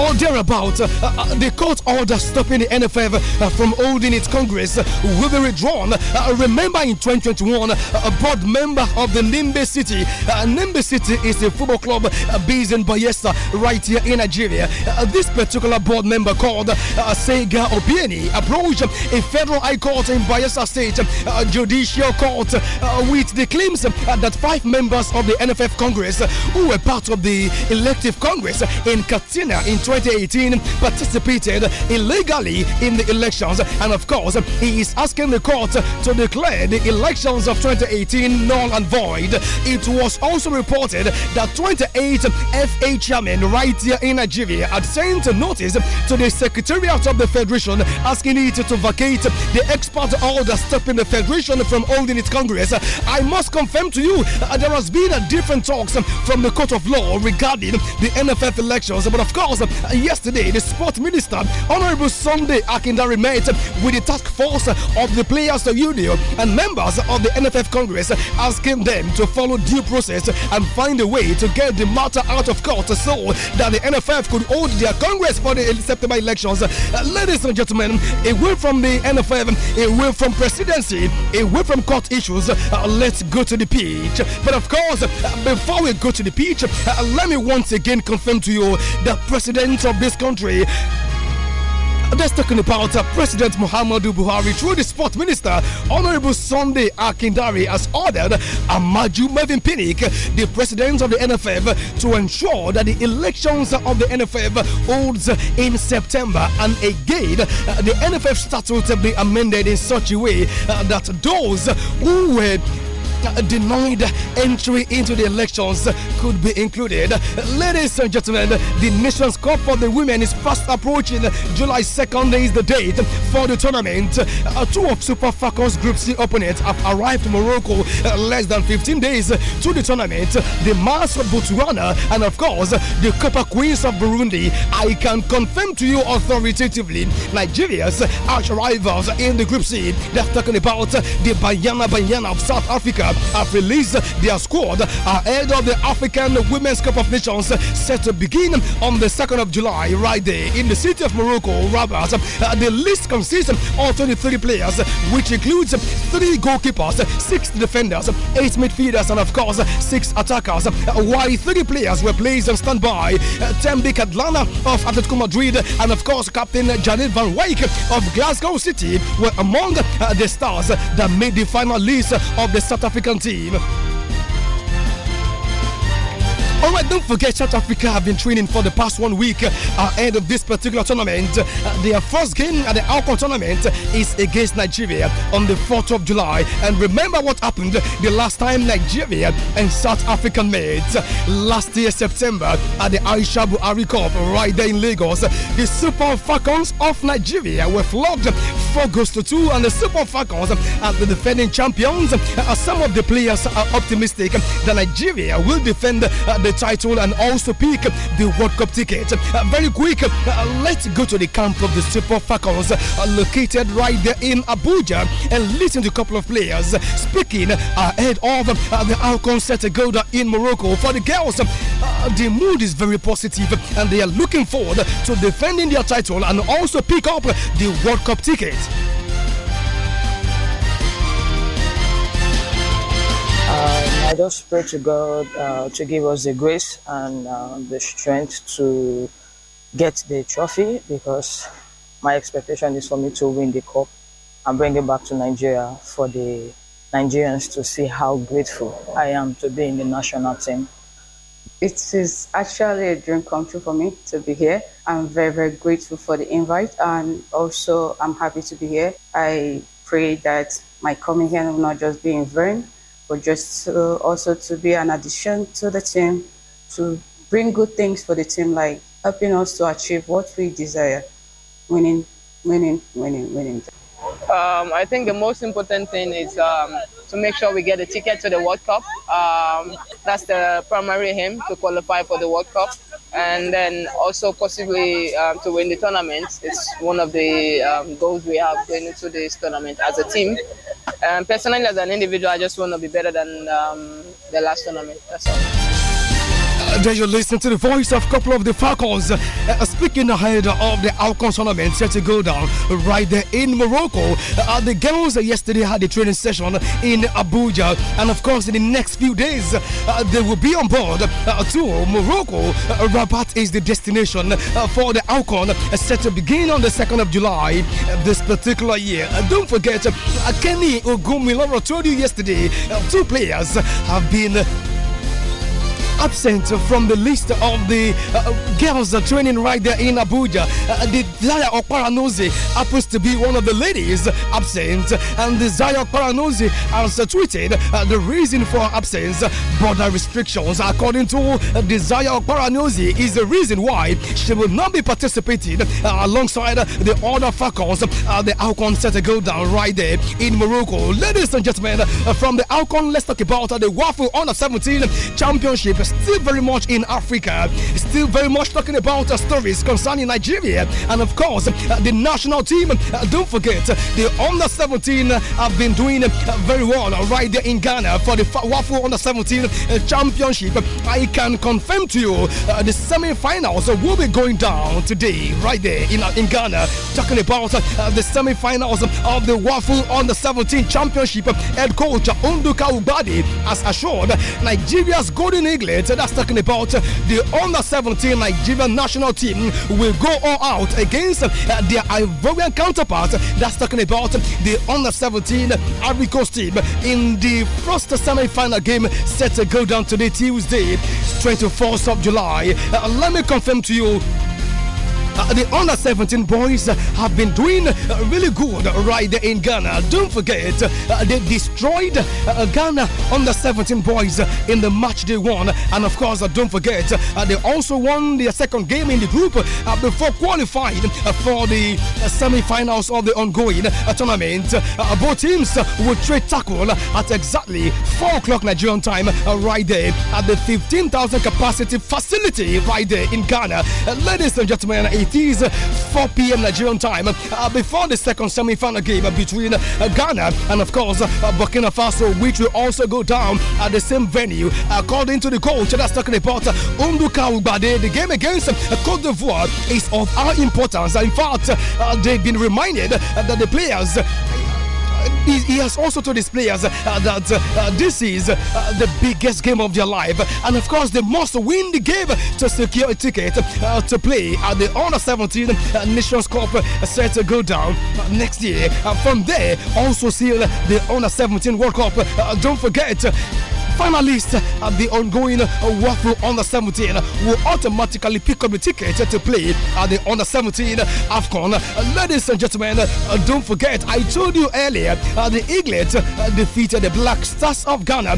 or thereabout, uh, uh, the court order stopping the NFF uh, from holding its Congress will be withdrawn. remember in 2021, a board member of the Nimbe City, Nimbe City is a football club based in Bayelsa, right here in Nigeria. this particular board member called Sega Obieni approached a federal high court in Bayelsa State judicial court with the claims that five members of the NFF Congress who were part of the elective Congress in Katina in 2018 participated illegally in the elections. And of course, he is asking the court to declare the elections of 2018 null and void. It was also reported that 28 FA chairmen right here in Nigeria had sent a notice to the Secretariat of the Federation asking it to vacate the expert order stopping the Federation from holding its Congress. I must confirm to you that uh, there has been a different talks from the court of law regarding the NFF elections, but of course, yesterday, the Sport Minister, Honorable Sunday Akindare, met with the task force of the Players Union and members of the NFF Congress, asking them to follow due process and find a way to get the matter out of court so that the NFF could hold their Congress for the September elections. Uh, ladies and gentlemen, away from the NFF, away from presidency, away from court issues, uh, let's go to the pitch. But of course, uh, before we go to the pitch, let me once again confirm to you that President president of this country just talking about uh, President Muhammadu Buhari through the Sport Minister, Honorable Sunday Akindari, has ordered Amaju Mervin Pinnick, the President of the NFF, to ensure that the elections of the NFF holds in September. And again, uh, the NFF statute will be amended in such a way uh, that those who were denied entry into the elections could be included. Ladies and gentlemen, the Nations Cup for the Women is fast approaching. July 2nd is the date for the tournament. Uh, two of Super Falcons Group C opponents have arrived in Morocco uh, less than 15 days to the tournament. The Mars of Botswana and, of course, the Copper Queens of Burundi. I can confirm to you authoritatively Nigeria's arch rivals in the Group C. They're talking about the Bayana Bayana of South Africa have released their squad ahead of the African Women's Cup of Nations set to begin on the 2nd of July, right there in the city of Morocco, Rabat. Uh, the list consists of 23 players, which includes three goalkeepers, six defenders, eight midfielders, and of course, six attackers. Uh, while three players were placed on standby, uh, Tembi Kadlana of Atletico Madrid, and of course, Captain Janet Van Wyk of Glasgow City were among the stars that made the final list of the South African. African team. All right, don't forget, South Africa have been training for the past one week uh, ahead of this particular tournament. Uh, their first game at the Alcon tournament is against Nigeria on the 4th of July. And remember what happened the last time Nigeria and South Africa met last year, September, at the Aisha Buhari Cup right there in Lagos. The Super Falcons of Nigeria were flogged 4 goals to 2, and the Super Falcons are the defending champions. Uh, some of the players are optimistic that Nigeria will defend the the title and also pick the World Cup ticket. Uh, very quick, uh, let's go to the camp of the Super Falcons uh, located right there in Abuja and listen to a couple of players speaking ahead of the Al set Golda in Morocco. For the girls, the mood is very positive and they are looking forward to defending their title and also pick up the World Cup ticket. Uh, I just pray to God uh, to give us the grace and uh, the strength to get the trophy because my expectation is for me to win the cup and bring it back to Nigeria for the Nigerians to see how grateful I am to be in the national team. It is actually a dream come true for me to be here. I'm very, very grateful for the invite and also I'm happy to be here. I pray that my coming here will not just be in vain but just to, uh, also to be an addition to the team, to bring good things for the team, like helping us to achieve what we desire, winning, winning, winning, winning. Um, I think the most important thing is um, to make sure we get a ticket to the World Cup. Um, that's the primary aim to qualify for the World Cup and then also possibly um, to win the tournament. It's one of the um, goals we have going into this tournament as a team. And personally, as an individual, I just want to be better than um, the last tournament. That's all. There you listen to the voice of a couple of the Falcons uh, speaking ahead of the Alcon tournament set to go down right there in Morocco. Uh, the girls uh, yesterday had a training session in Abuja, and of course, in the next few days, uh, they will be on board uh, to Morocco. Uh, Rabat is the destination for the Alcon set to begin on the 2nd of July this particular year. don't forget, Kenny Ogumiloro told you yesterday two players have been absent from the list of the uh, uh girls uh, training right there in Abuja. Uh, uh, the Zaya Okparanozi happens to be one of the ladies absent, and the Zaya Okparanozi has tweeted uh, the reason for absence border restrictions. According to uh, the Zaya Okparanozi, is the reason why she will not be participating alongside the other faculties uh, the Alcon set to go down right there in Morocco. Ladies and gentlemen, from the Alcon, let's talk about the Waffle Under 17 Championship still very much in Africa, still very much talking about uh, stories concerning Nigeria. And of course, uh, the national team, uh, don't forget, uh, the under 17 uh, have been doing uh, very well right there in Ghana for the Waffle under 17 championship. I can confirm to you the semi finals will be going down today, right there in, in Ghana. Talking about the semi finals of the Waffle under 17 championship, head coach Unduka Ubadi has assured Nigeria's Golden Eagles that's talking about uh, the under 17 Nigerian national team will go all out against uh, their Ivorian counterpart. That's talking about the under 17 Ivory Coast team in the first semi final game set to go down today, Tuesday, 21st of July. Uh, let me confirm to you uh, the under 17 boys have been doing uh, really good right there in Ghana. Don't forget, uh, they destroyed Ghana under 17 boys in the match they won. And of course, don't forget, they also won their second game in the group before qualifying for the semi finals of the ongoing tournament. both teams will trade tackle at exactly 4 o'clock Nigerian time right there at the 15,000 capacity facility right there in Ghana. ladies and gentlemen, it it is 4 p.m. Nigerian time uh, before the second semi-final game uh, between uh, Ghana and of course Burkina Faso, which will also go down at the same venue. According to the coach that's talking about Unduka the game against Cote d'Ivoire is of our importance. In fact, they've been reminded that the players he, he, has also told his players uh, that uh, this is uh, the biggest game of their life, and of course, they must win the game to secure a ticket to play at the Under 17 Nations Cup set to go down next year. from there, also seal the Under 17 World Cup. don't forget finalists at the ongoing uh, Waffle Under 17 will automatically pick up a ticket to play at the Under 17 AFCON. Uh, ladies and gentlemen, uh, don't forget, I told you earlier, the Eaglet defeated the Black Stars of Ghana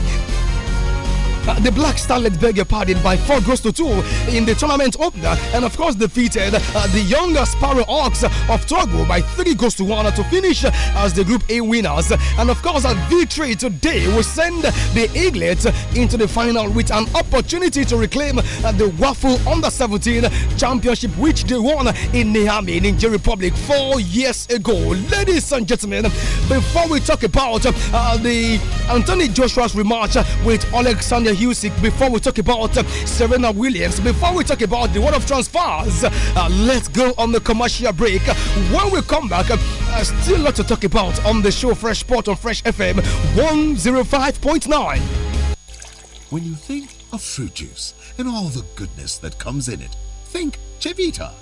uh, the Black Starlet beg your pardon by four goals to two in the tournament opener, and of course defeated uh, the younger Sparrow Hawks of Togo by three goals to one to finish as the Group A winners. And of course, a victory today will send the Eaglets into the final with an opportunity to reclaim uh, the Waffle Under 17 Championship, which they won in Niamey, the Republic, four years ago. Ladies and gentlemen, before we talk about uh, the Anthony Joshua's rematch with Alexander. Husick, before we talk about uh, Serena Williams, before we talk about the world of transfers, uh, let's go on the commercial break. When we come back, uh, uh still a lot to talk about on the show Fresh Sport on Fresh FM 105.9. When you think of fruit juice and all the goodness that comes in it, think Chevita.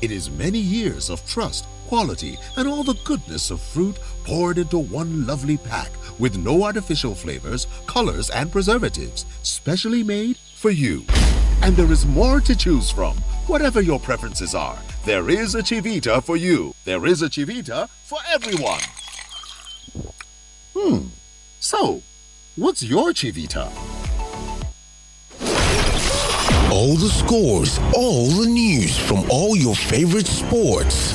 It is many years of trust, quality, and all the goodness of fruit poured into one lovely pack with no artificial flavors, colors, and preservatives, specially made for you. And there is more to choose from. Whatever your preferences are, there is a Chivita for you. There is a Chivita for everyone. Hmm. So, what's your Chivita? All the scores, all the news from all your favorite sports.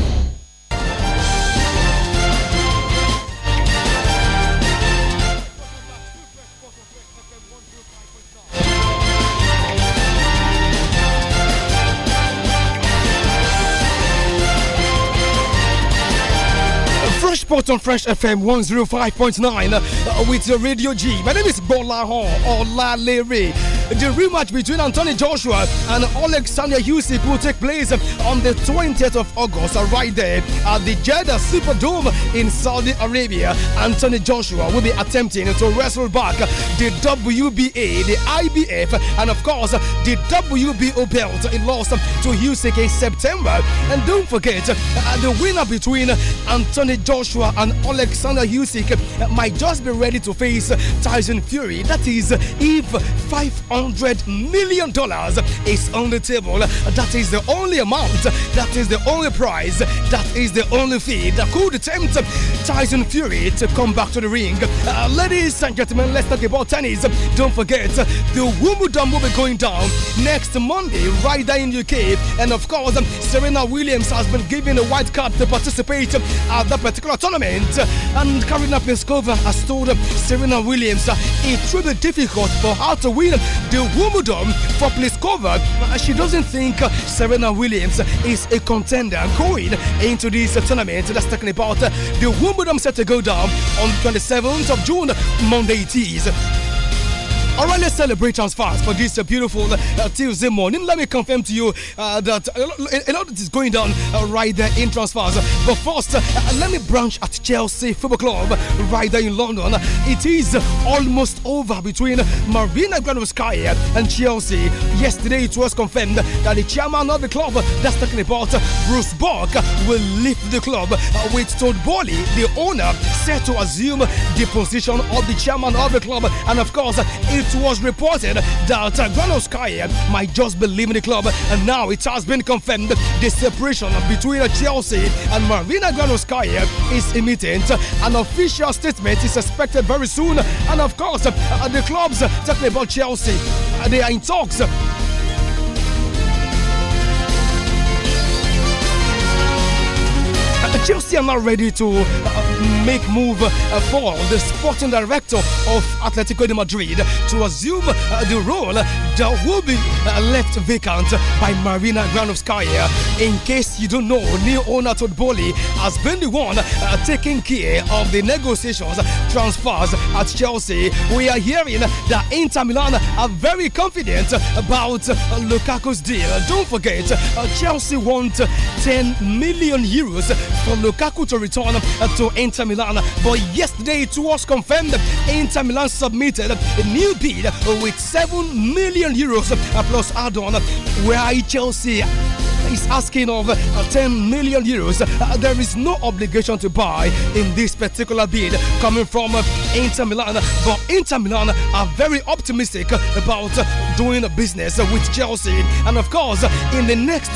Sport on Fresh FM 105.9 uh, with uh, Radio G. My name is Bola Hon Olalere. The rematch between Anthony Joshua and Alexander Usyk will take place on the 20th of August, uh, right there at the Jeddah Superdome in Saudi Arabia. Anthony Joshua will be attempting to wrestle back the WBA, the IBF, and of course the WBO belt. It lost to Usyk in September. And don't forget uh, the winner between Anthony Joshua Joshua and Alexander Usyk might just be ready to face Tyson Fury. That is, if $500 million is on the table, that is the only amount, that is the only prize, that is the only fee that could tempt Tyson Fury to come back to the ring. Uh, ladies and gentlemen, let's talk about tennis. Don't forget, the Wimbledon will be going down next Monday right there in the UK. And of course, Serena Williams has been given a white card to participate at that particular tournament tournament. And Karina Pliskova has told Serena Williams it will be difficult for her to win the Wimbledon for Pliskova. She doesn't think Serena Williams is a contender going into this tournament. That's talking about the Wimbledon set to go down on the 27th of June, Monday it is. All right, let's celebrate as fast for this uh, beautiful uh, Tuesday morning. Let me confirm to you uh, that uh, a lot, a lot is going down uh, right there in transfers. But first, uh, let me branch at Chelsea Football Club right there in London. It is almost over between Marina Granovskaya and Chelsea. Yesterday, it was confirmed that the chairman of the club, that's talking about Bruce Borg, will leave the club. With Todd Bowley, the owner, set to assume the position of the chairman of the club. And of course, it it was reported that Granovskaya might just be leaving the club, and now it has been confirmed the separation between Chelsea and Marina Granovskaya is imminent. An official statement is expected very soon, and of course, uh, the clubs talking about Chelsea, uh, they are in talks. Uh, Chelsea are not ready to make move uh, for the sporting director of Atletico de Madrid to assume uh, the role that will be uh, left vacant by Marina Granovskaya. In case you don't know, new owner Todd Bowley has been the one taking care of the negotiations transfers at Chelsea. We are hearing that Inter Milan are very confident about Lukaku's deal. Don't forget, Chelsea want 10 million euros for Lukaku to return to Inter. Inter Milan. But yesterday it was confirmed Inter Milan submitted a new bid with 7 million euros plus add on, where Chelsea is asking of uh, 10 million euros. Uh, there is no obligation to buy in this particular bid coming from uh, Inter Milan, but Inter Milan are very optimistic about doing business with Chelsea. And of course, in the next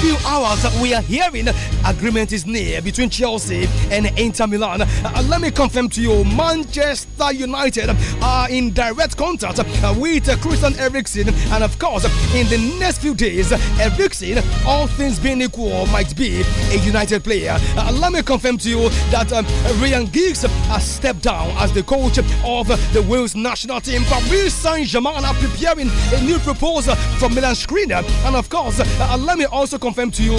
few hours, we are hearing agreement is near between Chelsea and Inter Milan. Let me confirm to you, Manchester United are in direct contact with Christian Eriksen, and of course, in the next few days, Eriksen all things being equal, might be a United player. Uh, let me confirm to you that um, Ryan Giggs has stepped down as the coach of the Wales national team. Paris Saint Germain are preparing a new proposal for Milan Skriniar. And of course, uh, let me also confirm to you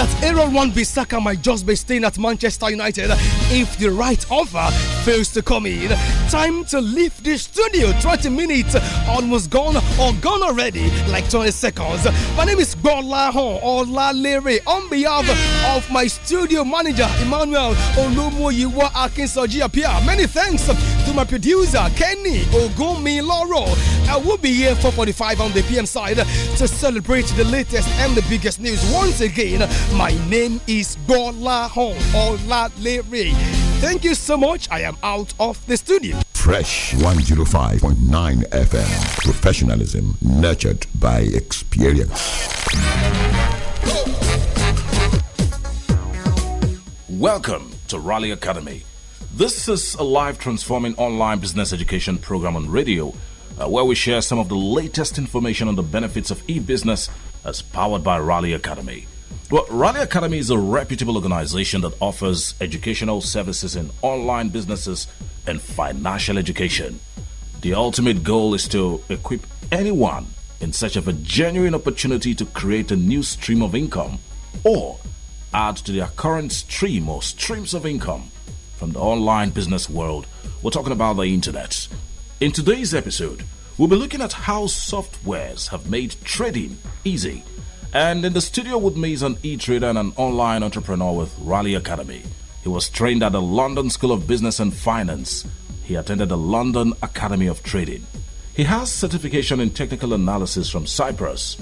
that Aaron Wan-Bissaka might just be staying at Manchester United if the right offer fails to come in. Time to leave the studio. 20 minutes almost gone or gone already, like 20 seconds. My name is La Olalere. On behalf of my studio manager, Emmanuel Olumoyiwa Akinsoji Apia, many thanks to my producer Kenny Ogumi Loro. I will be here 4:45 on the PM side to celebrate the latest and the biggest news. Once again, my name is Gola Hon Oladere. Thank you so much. I am out of the studio. Fresh 105.9 FM. Professionalism nurtured by experience. Welcome to Raleigh Academy this is a live transforming online business education program on radio uh, where we share some of the latest information on the benefits of e business as powered by Raleigh Academy. Well, Raleigh Academy is a reputable organization that offers educational services in online businesses and financial education. The ultimate goal is to equip anyone in search of a genuine opportunity to create a new stream of income or add to their current stream or streams of income from the online business world. We're talking about the internet. In today's episode, we'll be looking at how softwares have made trading easy. And in the studio with me is an e trader and an online entrepreneur with Raleigh Academy. He was trained at the London School of Business and Finance. He attended the London Academy of Trading. He has certification in technical analysis from Cyprus.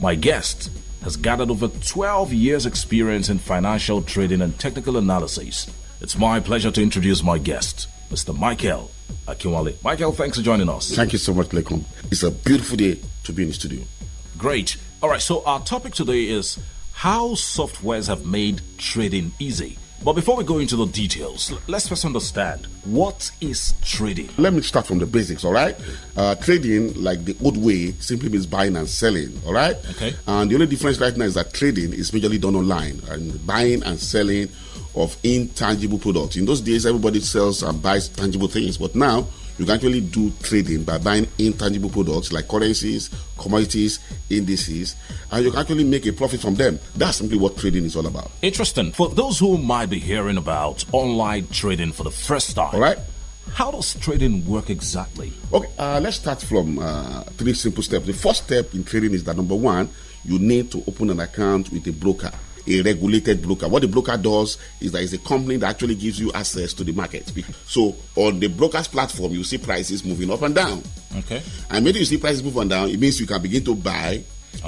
My guest has gathered over 12 years' experience in financial trading and technical analysis. It's my pleasure to introduce my guest, Mr. Michael Akinwale. Michael, thanks for joining us. Thank you so much, Lekum. It's a beautiful day to be in the studio. Great. All right, so our topic today is how softwares have made trading easy. But before we go into the details, let's first understand what is trading. Let me start from the basics, all right? Uh, trading, like the old way, simply means buying and selling, all right? Okay. And the only difference right now is that trading is majorly done online, and buying and selling of intangible products. In those days, everybody sells and buys tangible things, but now you can actually do trading by buying intangible products like currencies, commodities, indices, and you can actually make a profit from them. That's simply what trading is all about. Interesting. For those who might be hearing about online trading for the first time, all right. How does trading work exactly? Okay, uh, let's start from uh, three simple steps. The first step in trading is that number one, you need to open an account with a broker a regulated broker. What the broker does is that it's a company that actually gives you access to the market. So on the broker's platform, you see prices moving up and down. Okay. And maybe you see prices move up and down, it means you can begin to buy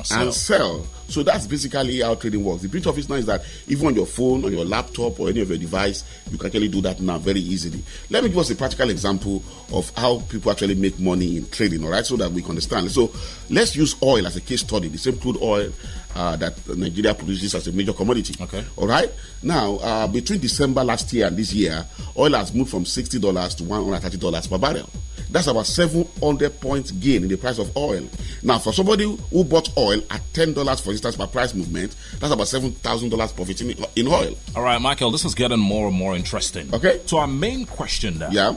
Sell. and sell. So that's basically how trading works. The beauty of it now is that even on your phone, on your laptop, or any of your device, you can actually do that now very easily. Let me give us a practical example of how people actually make money in trading, all right, so that we can understand. So let's use oil as a case study, the same crude oil uh, that Nigeria produces as a major commodity. Okay. All right. Now, uh, between December last year and this year, oil has moved from $60 to $130 per barrel. That's about 700 points gain in the price of oil. Now, for somebody who bought oil at $10, for instance, per price movement, that's about $7,000 profit in, in oil. All right, Michael, this is getting more and more interesting. Okay. So, our main question now. Yeah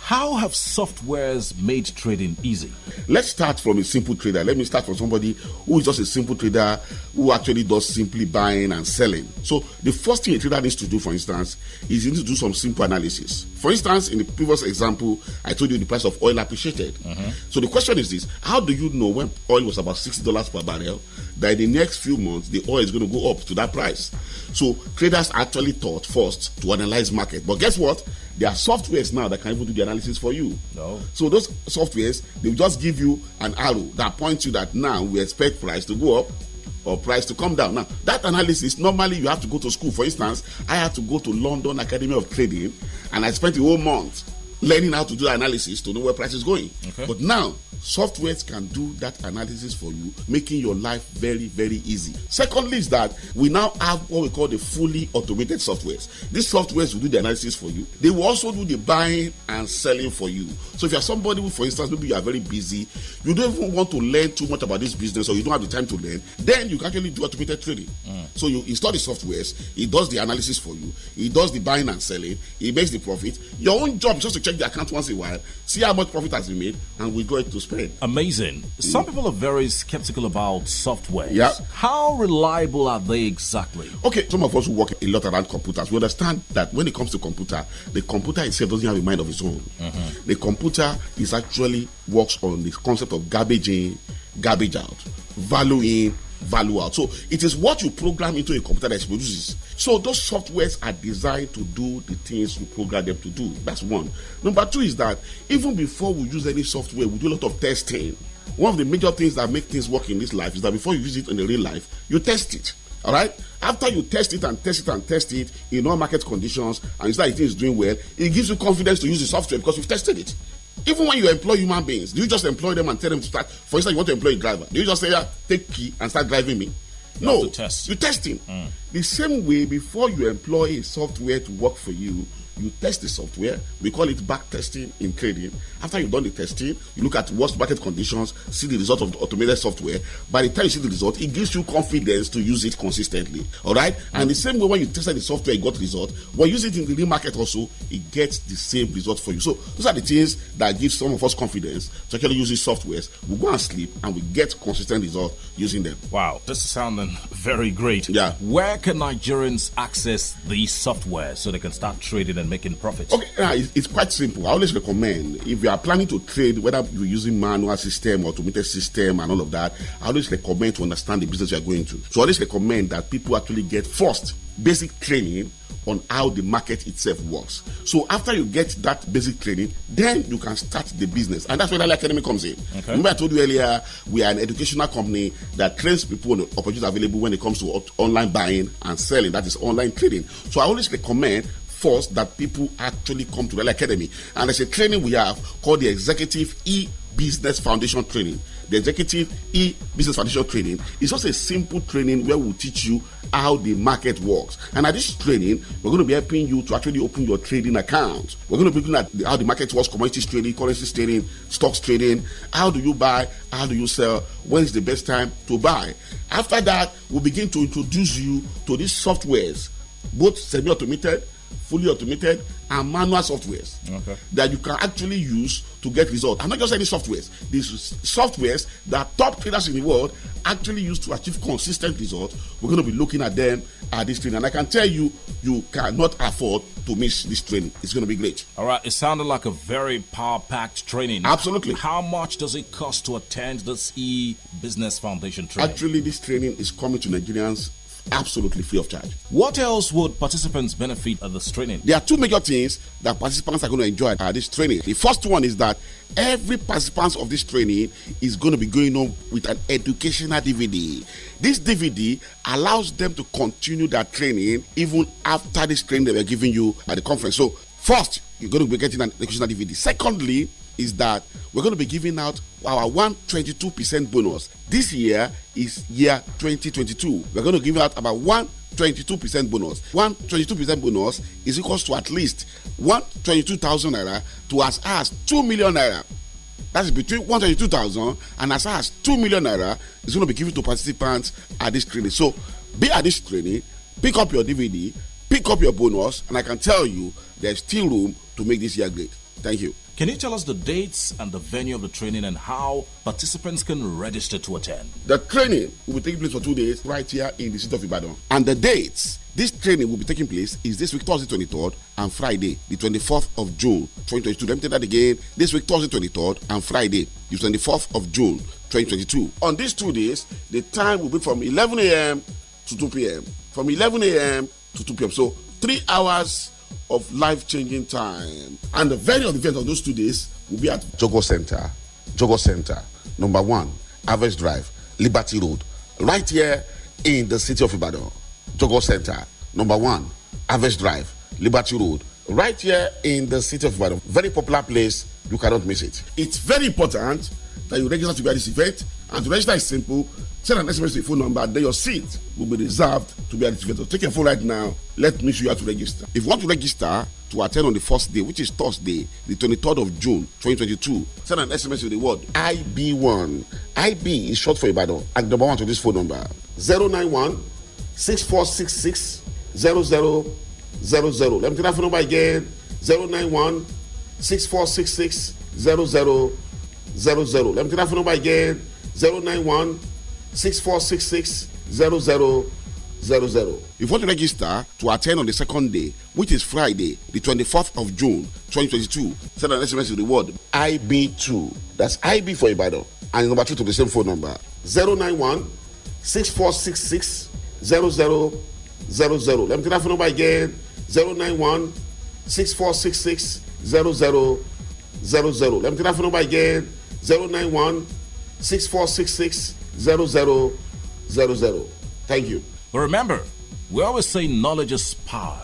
how have softwares made trading easy? Let's start from a simple trader. Let me start from somebody who is just a simple trader who actually does simply buying and selling. So, the first thing a trader needs to do, for instance, is he needs to do some simple analysis. For instance, in the previous example, I told you the price of oil appreciated. Mm-hmm. So, the question is this How do you know when oil was about $60 per barrel that in the next few months the oil is going to go up to that price? So, traders actually thought first to analyze market. But guess what? There are softwares now that can even do the analysis for you. No. So those softwares, they will just give you an arrow that points you that now we expect price to go up or price to come down. Now, that analysis, normally you have to go to school. For instance, I had to go to London Academy of Trading and I spent a whole month learning how to do analysis to know where price is going. Okay. But now, softwares can do that analysis for you, making your life very, very easy. Secondly, is that we now have what we call the fully automated softwares. These softwares will do the analysis for you. They will also do the buying and selling for you. So if you're somebody who, for instance, maybe you are very busy, you don't even want to learn too much about this business or you don't have the time to learn, then you can actually do automated trading. Mm. So you install the softwares, it does the analysis for you, it does the buying and selling, it makes the profit. Your own job is just to check check the account once in a while, see how much profit has been made, and we go it to spend. Amazing. Some people are very skeptical about software. Yeah. How reliable are they exactly? Okay, some of us who work a lot around computers, we understand that when it comes to computer, the computer itself doesn't have a mind of its own. Mm-hmm. The computer is actually works on the concept of garbage in, garbage out, value in, value out. So it is what you program into a computer that produces. So those softwares are designed to do the things you program them to do. That's one. Number two is that even before we use any software, we do a lot of testing. One of the major things that make things work in this life is that before you use it in the real life, you test it. All right. After you test it and test it and test it in all market conditions, and you start it is doing well, it gives you confidence to use the software because you've tested it. Even when you employ human beings, do you just employ them and tell them to start? For instance, you want to employ a driver. Do you just say, yeah, take key and start driving me? You no, test. you test him. Mm. The same way, before you employ a software to work for you, you test the software. We call it back testing in trading. After you've done the testing, you look at what's market conditions, see the result of the automated software. By the time you see the result, it gives you confidence to use it consistently. All right? And the same way when you tested the software, you got result. When you use it in the real market also, it gets the same result for you. So those are the things that give some of us confidence to actually use these softwares. We go and sleep and we get consistent results using them. Wow, this is sounding very great. Yeah. Where can Nigerians access these software so they can start trading and making profits? Okay, it's, it's, quite simple. I always recommend if you are planning to trade, whether you're using manual system, automated system, and all of that, I always recommend to understand the business you are going to. So I always recommend that people actually get first basic training on how the market itself works. So after you get that basic training, then you can start the business, and that's where the Academy comes in. Okay. Remember, I told you earlier we are an educational company that trains people on the opportunities available when it comes to online buying and selling. That is online trading. So I always recommend force that people actually come to the academy. And there's a training we have called the Executive E Business Foundation Training. The Executive E Business Foundation Training is just a simple training where we teach you how the market works. And at this training, we're going to be helping you to actually open your trading account. We're going to be looking at how the market works, commodities trading, currencies trading, stocks trading. How do you buy? How do you sell? When is the best time to buy? After that, we'll begin to introduce you to these softwares, both semi automated fully automated and manual softwares okay. that you can actually use to get results. And not just any softwares, these softwares that top traders in the world actually use to achieve consistent results. We're going to be looking at them at this training. And I can tell you, you cannot afford to miss this training. It's going to be great. All right. It sounded like a very power packed training. Absolutely. How much does it cost to attend this e business foundation training? Actually, this training is coming to Nigerians absolutely free of charge. What else would participants benefit at this training? There are two major things that participants are going to enjoy at this training. The first one is that every participant of this training is going to be going on with an educational DVD. This DVD allows them to continue their training even after this training they were giving you at the conference. So, first, you're going to be getting an educational DVD. Secondly, is that we're going to be giving out our 122% bonus. This year is year 2022. We're going to give out about 122% bonus. 122% bonus is equal to at least 122,000 naira to as as 2 million naira. That is between 122,000 and as as 2 million naira is going to be given to participants at this training. So be at this training, pick up your DVD, pick up your bonus, and I can tell you there's still room to make this year great. Thank you. Can you tell us the dates and the venue of the training and how participants can register to attend? The training will be taking place for two days right here in the city of Ibadan. And the dates this training will be taking place is this week Thursday 23rd and Friday the 24th of June 2022. Let me tell that again. This week Thursday 23rd and Friday the 24th of June 2022. On these two days, the time will be from 11 a.m. to 2 p.m. From 11 a.m. to 2 p.m. So three hours of life changing time. And the very event of those two days will be at Jogo Center, Jogo Center, number one, Average Drive, Liberty Road, right here in the city of Ibadan. Jogo Center, number one, Average Drive, Liberty Road, right here in the city of Ibadan. Very popular place, you cannot miss it. It's very important that you register to be at this event. And to register is simple. Send an SMS to your phone number, then your seat will be reserved to be at this event. So take your phone right now. Let me show you how to register. If you want to register to attend on the first day, which is Thursday, the 23rd of June, 2022, send an SMS to the word IB1. IB is short for Ibadan. And number one to this phone number 091 6466 0000. Let me tell that phone number again 091 6466 0000. Zero 00. Let me take that phone number again 091 zero zero. If you want to register to attend on the second day, which is Friday, the twenty fourth of June twenty twenty two, send an SMS to the word ib two. That's IB for Ibadan. And number two to the same phone number Zero zero nine one six six six four 091 6466 0000. Let me take that phone number again 091 zero zero. Let me take that phone number again 091 6466 0000. Thank you. But remember, we always say knowledge is power.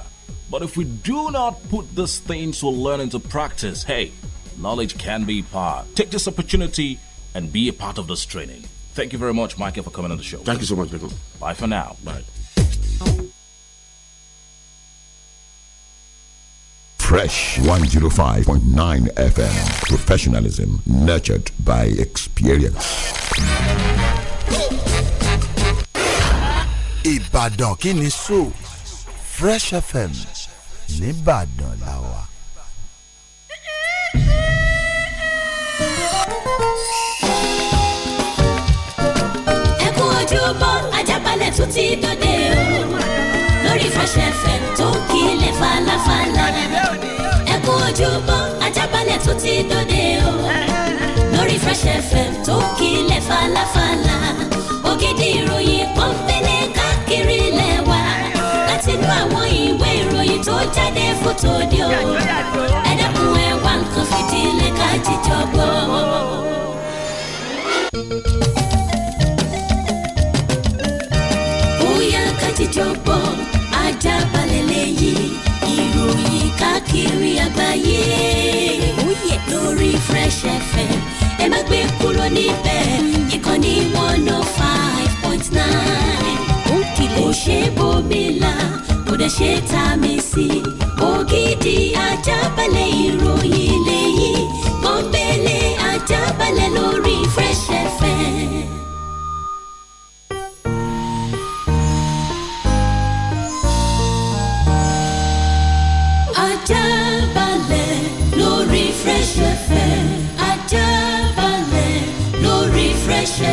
But if we do not put these things we learn into practice, hey, knowledge can be power. Take this opportunity and be a part of this training. Thank you very much, Michael, for coming on the show. Thank you so much, Michael. Bye for now. Bye. Fresh 105.9 FM. Professionalism nurtured by experience. Ìbàdàn kí ni so Fresh FM nìbàdàn la wà. Ẹ kú ojúbọ Ajábalẹ̀ tún ti dòde o lórí Fresh FM tó kílẹ̀ falafala ẹ kú ojúmọ́ ajábalẹ̀ tó ti dòde o lórí Fresh FM tó kílẹ̀ falafala ògidì ìròyìn pọ́npẹ́lẹ́ káàkiri lẹ́wà láti inú àwọn ìwé ìròyìn tó jáde fótó di o ẹ dẹ́kun ẹ wá nǹkan fìdílé ká jíjọ gbọ́. Bóyá ká Ajábalẹ̀ lẹ́yìn ìròyìn káàkiri àgbáyé. Oyè oh, lórí Fresh FM ẹ má gbé kúrò níbẹ̀ ìkànnì one oh five point nine. Ó kìlẹ̀ ó ṣe bómi la kò dẹ̀ ṣe tá a mi sí. Ògidì ajábalẹ̀ ìròyìn lẹ́yìn pọ́npẹ́lẹ́ ajábalẹ̀ lórí Fresh FM.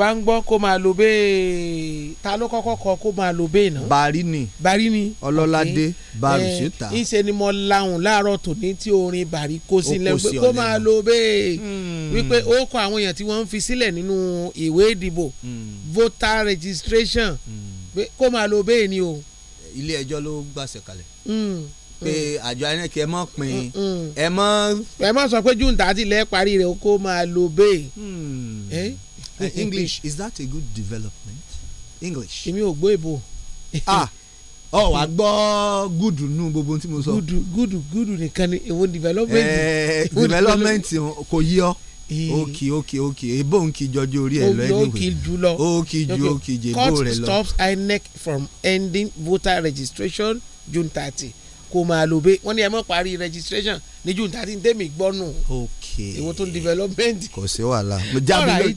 bá ń gbọ́ kó máa lo bẹ́ẹ̀ ta ló kọ́kọ́ kọ kó máa lo bẹ́ẹ̀ náà. bari ni bari ni ọlọ́ládé bari eh, síta. ìṣe ni mo lahùn láàárọ̀ tòní tí orin bari kó sí lẹ́gbẹ́ kó máa lo bẹ́ẹ̀ hmm. wípé ó kọ àwọn èèyàn tí wọ́n ń fi sílẹ̀ nínú ìwé ìdìbò hmm. voter registration hmm. kó máa lo bẹ́ẹ̀ ni o. ilé ẹjọ́ ló gbàṣẹ kalẹ̀ pé àjọ INEC ẹ mọ̀ pin ẹ mọ̀. ẹ mọ̀ sọ pé june thirty lẹ́ẹ̀ parí rẹ̀ kó máa lo bẹ́ẹ̀. Eh? English is that a good development? English. èmi ò gbọ́ èbò. ah ọ oh, wàá gbọ́ gúdù nù gbogbo tí mo sọ. gúdù gúdù gúdù nìkan ni èwo development. Eh, development kò yí ọ eh. okay. òkè òkè èbó ń kí jọjú orí ẹ lọ ẹni wẹ òkè ju òkè jẹ èbó rẹ lọ. court stops INEC from ending voter registration June thirty kò máa lò bẹ́ẹ̀ wọ́n ní ẹ mọ̀ parí registration ní June thirty tẹ́mi gbọ́ nù ìwọ tó ń development. kò sí wàhálà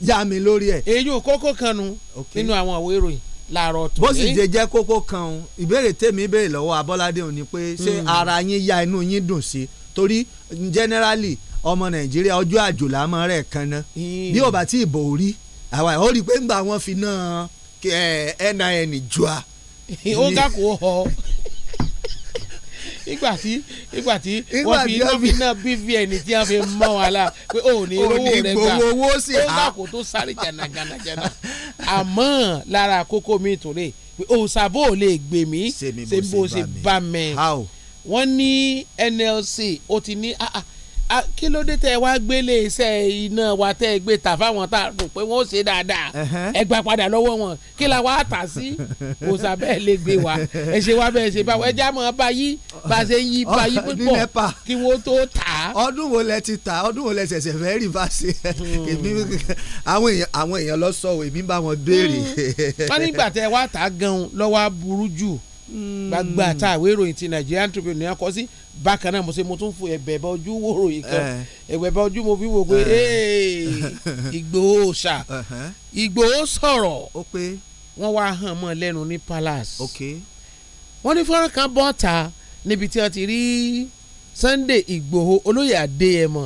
já mi lórí ẹ. èyí ò kókó kan nu nínú àwọn ìwé ìròyìn láàárọ̀ tó ní. bó sì jẹ jẹ́ kókó kan o ìbéèrè tèmi béèrè lọ́wọ́ abọ́ládé òní pé ṣé hmm. ara yín ya inú yín dùn sí torí generally ọmọ nàìjíríà ọjọ́ àjòlá mọ́ rẹ̀ kan ná hmm. bí ò bá tí ì bò rí àwa ò rí i pé ńgbà wọn fi náà eh, nin jua. ó ga kó ìgbà tí ìgbà tí wọ́n fi wọ́n fi náà bvn tí wọ́n fi mọ́ wa la pé ó ní owó rẹ̀ gbà ó gbà ah. kó tó sáré jànàjànàjànà àmọ́ lára kókó mi tó lè pé òsàbò ò lè gbè mí ṣe bó ṣe bá mi wọ́n ní NLC ó ti ní ah ah kí ló dé tẹ wá gbélé iṣẹ́ iná wa tẹ ẹ gbé ta fáwọn tá a rò pé wọn ó ṣe dáadáa ẹ gbà padà lọ́wọ́ wọn kí la wá tà sí kò sà lè gbé wa ẹ ṣe wá bẹ́ẹ̀ ṣe bá wọn ẹ já mọ́ bá yí bá ṣe yí bá yí púpọ̀ kí wọ́n tó tà á. ọdún wo lẹ ti tà ọdún wo lẹ ṣẹ̀ṣẹ̀ fẹ́ rí bá ṣe hmm. àwọn èèyàn àwọn èèyàn lọ sọ èmi bá wọn béèrè. Hmm. wọ́n nígbà tẹ wá tà gan-an lọ́wọ́ burú jù Hmm. gbàgbà tá àwé ìròyìn ti Nigerian Tribune ní akọ sí bákan náà mo ṣe mo tún fò ẹ̀bẹ̀ bá ojú wò ròyìn kan eh. ẹ̀bẹ̀ bá ojú mo fi wò pé eh. Ìgbòho ṣà uh-huh. Ìgbòho sọ̀rọ̀ wọ́n wá hàn mọ́ lẹ́nu ní Palace wọ́n ní fọ́nrán kan bọ́ ta níbi tí wọ́n ti rí Sunday Ìgbòho olóyè Adéyẹmọ